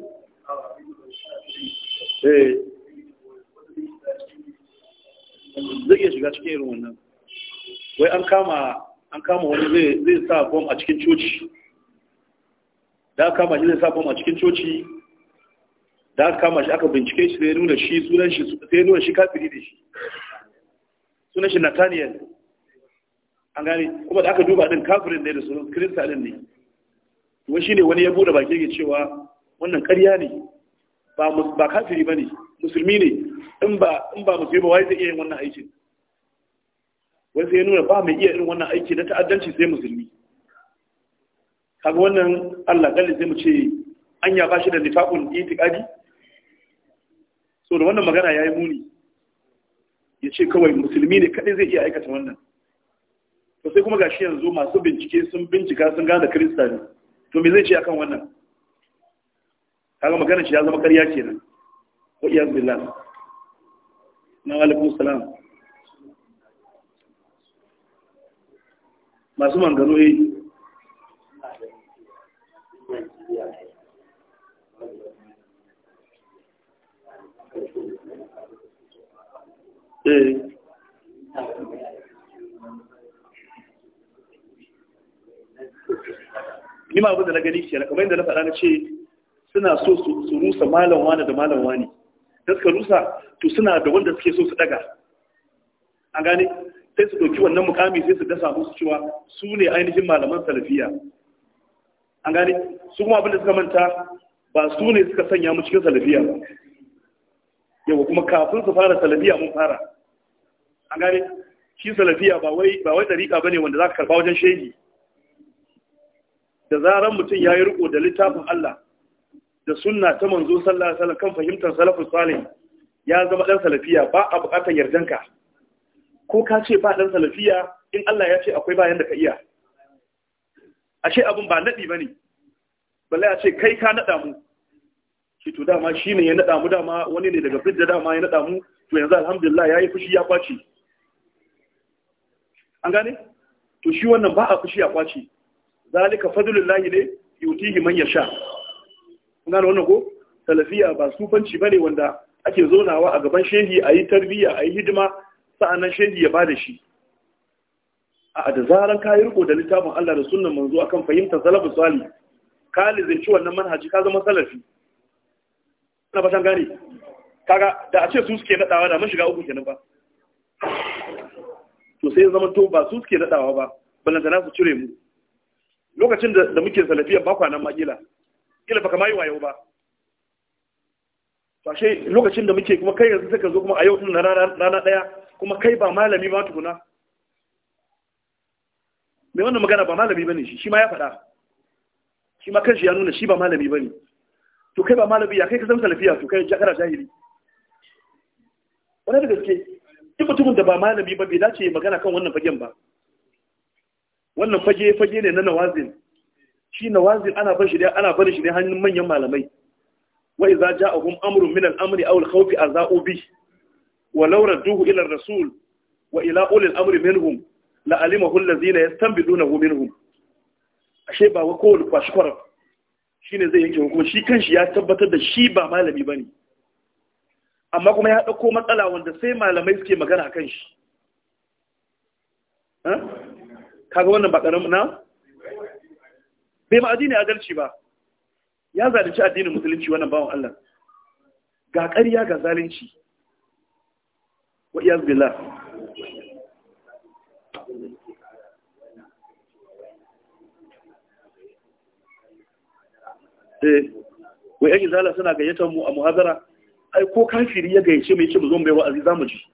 Speaker 1: eh zai iya shiga cikin irin wannan wai an kama wani zai sa bom a cikin coci da aka kama shi zai sa bom a cikin coci da aka kama shi aka bincike shi sai nuna shi sunan shi sai nuna shi kafiri da shi sunan shi Nathaniel an gane kuma da aka duba din kafirin ne da sunan Kirista din ne kuma shine wani ya bude baki yake cewa wannan ƙarya ne ba ba kafiri bane musulmi ne in ba in ba musulmi ba wai zai iya yin wannan aikin wai sai ya nuna ba mai iya irin wannan aiki na ta'addanci sai musulmi kaga wannan Allah kalli sai mu ce anya ba shi da nifaqun itiqadi so da wannan magana yayi muni ya ce kawai musulmi ne kadai zai iya aikata wannan to sai kuma gashi yanzu masu bincike sun bincika sun gane kirista ne to me zai ce akan wannan kaga magana shi ya zama ƙarya nan wa iyaz billah na alaikum salam masu mangano yi eh, eh. ni ma abin da na gani na kamar yadda na faɗa na ce suna so su rusa malam wani da malam wani da suka rusa to suna da wanda suke so su daga an gane sai su ɗauki wannan mukami sai su dasa musu cewa su ne ainihin malaman salafiya an gane su kuma abin da suka manta ba su ne suka sanya mu cikin salafiya ba yawa kuma kafin su fara salafiya mun fara an gane shi salafiya ba wai ba wai dariƙa bane wanda za ka karɓa wajen shehi da zaran mutum ya yi riko da littafin Allah da sunna ta manzo sallallahu alaihi wasallam kan fahimtar salafus salih ya zama dan salafiya ba a bukatar yardanka ko ka ce ba dan salafiya in Allah ya ce akwai bayan da ka iya ashe abin ba nadi bane balle ya ce kai ka nada mu shi to dama shine ya nada mu dama wani ne daga bidda dama ya nada mu to yanzu alhamdulillah yayi fushi ya kwaci an gane to shi wannan ba a fushi ya kwaci zalika fadlullahi ne yutihi man yasha kun wannan ko salafiya ba sufanci bane wanda ake zonawa a gaban shehi a yi tarbiyya a yi hidima sa'annan shehi ya bada shi a da zaran ka yi riko da littafin Allah da sunnan manzo akan fahimtar salafus salih ka lizinci wannan manhaji ka zama salafi ba san gane kaga da a ce su suke nadawa da mun shiga uku kenan ba to sai zama to ba su suke nadawa ba na su cire mu lokacin da muke salafiyar ba kwanan makila kila baka mai wayo ba Fashe lokacin da muke kuma kai yanzu suka zo kuma a yau din rana daya kuma kai ba malami ba tukuna mai wannan magana ba malami bane shi shi ma ya faɗa shi ma kanshi ya nuna shi ba malami bane to kai ba malami ya kai ka san salafiya to kai jakara jahili Wani da gaske duk mutumin da ba malami ba bai dace magana kan wannan fagen ba wannan fage fage ne na nawazin. shi nawazin ana bar shi ana bar shi ne hannun manyan malamai wa idza ja'ahum amrun min al-amri aw al-khawfi aza'u bi wa law radduhu ila ar-rasul wa ila ulil amri minhum la alimahu yastanbidunahu minhum ashe ba wa kwashi kwarar shi ne zai yanke hukumar. shi kanshi ya tabbatar da shi ba malami ba ne amma kuma ya ɗauko matsala wanda sai malamai suke magana a kanshi kaga wannan ba ƙaramin na bai ma addini adalci ba ya zalunci addinin musulunci wannan bawan Allah ga ƙarya ga zalunci wa iyaz eh wai yan suna gayyatar mu a muhazara ai ko kafiri ya gayyace mai ce mu zo mu bai wa'azi mu ji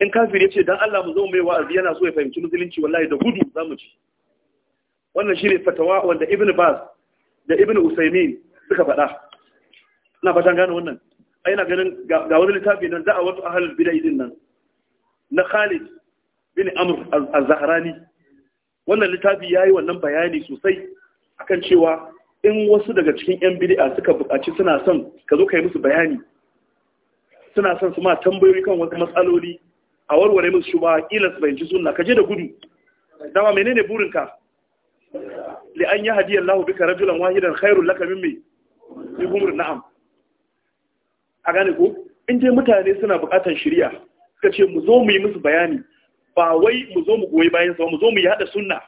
Speaker 1: in kafir ya ce dan Allah mu zo mai wa'azi yana so ya fahimci musulunci wallahi da gudu za mu ci wannan shine fatawa wanda ibnu bas da ibnu usaymin suka faɗa ina fatan gane wannan ai ina ganin ga wani littafi nan da'awatu ahlul bid'ah din nan na Khalid bin Amr az-Zahrani wannan littafi yayi wannan bayani sosai akan cewa in wasu daga cikin yan bid'a suka buƙaci suna son ka zo ka yi musu bayani suna son su ma tambayoyi kan wasu matsaloli a warware musu ba kila su fahimci sunna ka je da gudu dama menene burinka li an yi hadiyar lahu bika rajulan wahidan khairu laka min mai ni gumur na'am a gane ko in je mutane suna buƙatar shari'a suka ce mu zo mu yi musu bayani ba wai mu zo mu goyi bayan sa mu zo mu yi hada sunna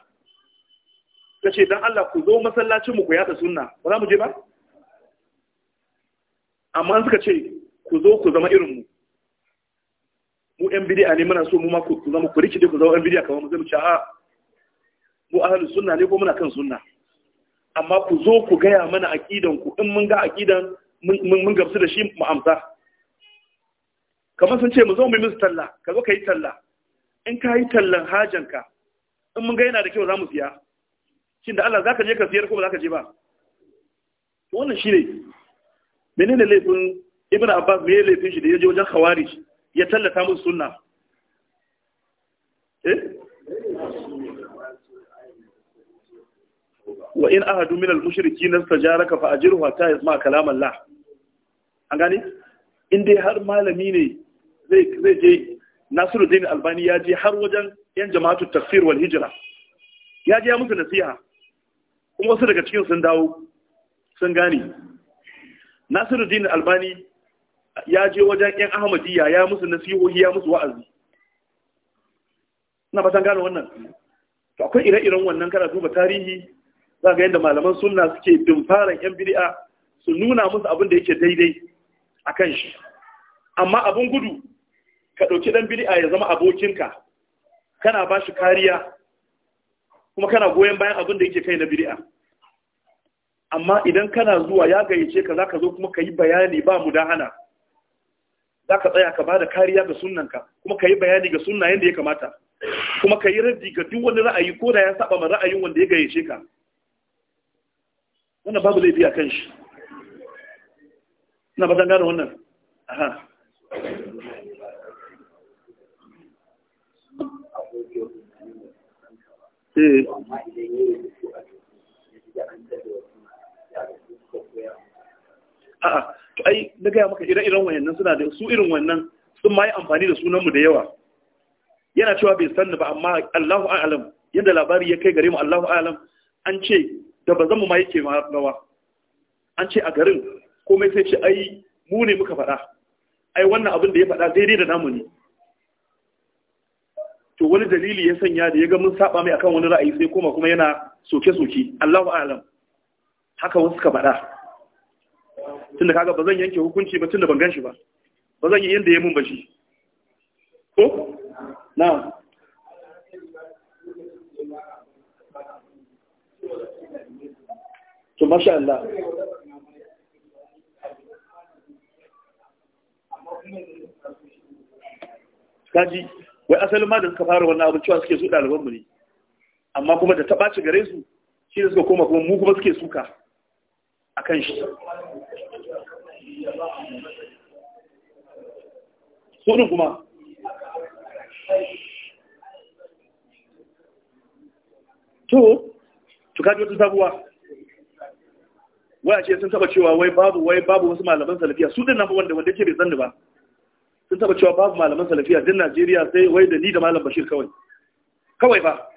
Speaker 1: suka ce dan Allah ku zo masallacin mu ku yada sunna ba za mu je ba amma suka ce ku zo ku zama irin mu mu yan bid'a ne muna so mu ma ku zama ku rikide ku zama yan bid'a kamar mu zama a mu ahlus sunna ne ko muna kan sunna amma ku zo ku gaya mana aqidan ku in mun ga aqidan mun gamsu da shi mu amsa kamar sun ce mu zo mu yi musu talla ka zo ka yi talla in ka yi tallan hajanka in mun ga yana da kyau za mu siya shin da Allah za ka je ka siyar ko ba za ka je ba wannan shi ne menene laifin ibn abbas me laifin shi da ya je wajen khawarij ya tallata musu sunna eh? wa in ahadu min al-mushriki nastajaraka fa ajirhu ta yasma kalam Allah an gane in dai har malami ne zai zai je Nasiruddin Albani ya je har wajen yan jama'atu tafsir wal hijra ya je musu nasiha kuma wasu daga cikin sun dawo sun gane Nasiruddin Albani ya je wajen ƴan ahmadiyya ya musu nasihohi ya musu wa'azi ina fatan gane wannan to akwai ire-iren wannan kana duba tarihi za ga yadda malaman sunna suke dimfaran ƴan bid'a su nuna musu abin da yake daidai a kan shi amma abin gudu ka ɗauki ɗan bid'a ya zama abokinka kana ba shi kariya kuma kana goyon bayan abin da yake kai na bid'a amma idan kana zuwa ya gayyace ka za ka zo kuma ka yi bayani ba mu da hana. za ka tsaya ka ba da kariya ga sunanka kuma ka yi bayani ga sunna yadda ya kamata kuma ka yi raddi ga duk wani ra'ayi ko da ya saba ma ra'ayin wanda ya gayyace ka wannan babu laifi a kan shi ina ba gane wannan aha eh. a'a to ai na gaya maka ire-iren wayannan suna da su irin wannan sun ma yi amfani da sunanmu da yawa yana cewa bai sanni ba amma Allahu a'lam yadda labari ya kai gare mu Allahu a'lam an ce da ba mu ma yake ma gawa an ce a garin komai sai ce ai mu ne muka faɗa ai wannan abin da ya faɗa daidai da namu ne to wani dalili ya sanya da ya ga mun saba mai akan wani ra'ayi sai koma kuma yana soke-soke Allahu a'lam haka wasu suka faɗa tunda kaga ba zan yanke hukunci ba tunda ban ganshi ba ba zan yi yadda ya mun ba shi ko na to masha Allah kaji wai asalin ma da suka fara wannan abin cewa suke su ɗaliban mu ne amma kuma da ta ɓaci gare su shi da suka koma kuma mu kuma suke suka a kan shi sunan kuma to to kaji wata sabuwa waya ce sun taba cewa wai babu wai babu wasu malaman salafiya su din nan wanda wanda ke bai zanni ba sun taba cewa babu malaman salafiya din Najeriya sai wai da ni da malam Bashir kawai kawai ba,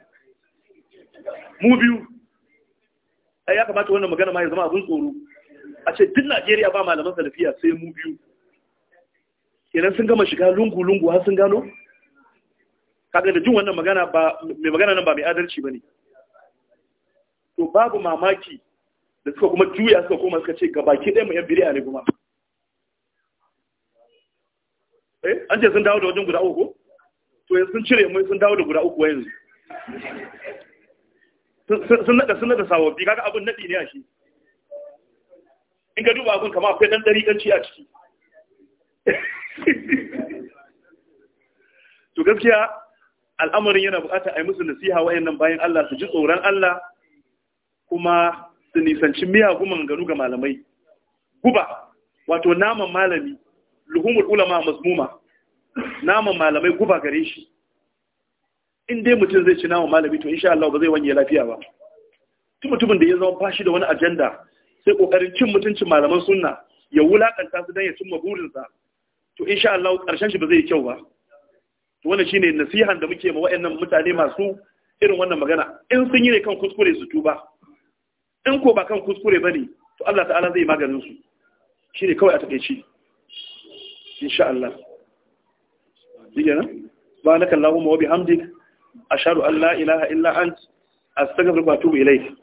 Speaker 1: mu biyu ai ya kamata wannan magana ma ya zama abin tsoro a ce duk Najeriya ba malaman salafiya sai mu biyu kenan sun gama shiga lungu-lungu har sun gano kaga da jin wannan magana ba mai magana nan ba mai adalci bane to babu mamaki da suka kuma juya suka koma suka ce gabaki ɗaya mu yan biriya ne kuma eh an ce sun dawo da wajen guda uku to yanzu sun cire mu sun dawo da guda uku yanzu sun naɗa sun nada sababbi kaga abin naɗi ne a shi in ka duba abin kama akwai ɗan ɗari, ɗanci a ciki to gaskiya al'amarin yana bukata a yi musu nasiha nan bayan Allah su ji tsoron Allah kuma su nisanci miyagun maganganu ga malamai guba wato naman malami luhumul ulama mazmuma naman malamai guba gare shi in dai mutum zai ci naman malami to insha Allah ba zai wanye lafiya ba Tumutumin da ya zama bashi da wani ajanda sai kokarin cin mutuncin malaman sunna ya wulakanta su dan ya cimma burinsa to insha Allah karshen shi ba zai yi kyau ba to wannan shine nasihan da muke ma wayannan mutane masu irin wannan magana in sun yi ne kan kuskure su tuba in ko ba kan kuskure bane to Allah ta'ala zai maganin su shine kawai a takeici insha Allah digana subhanakallahumma wa bihamdik ashhadu an la ilaha illa ant astaghfiruka wa atubu ilai.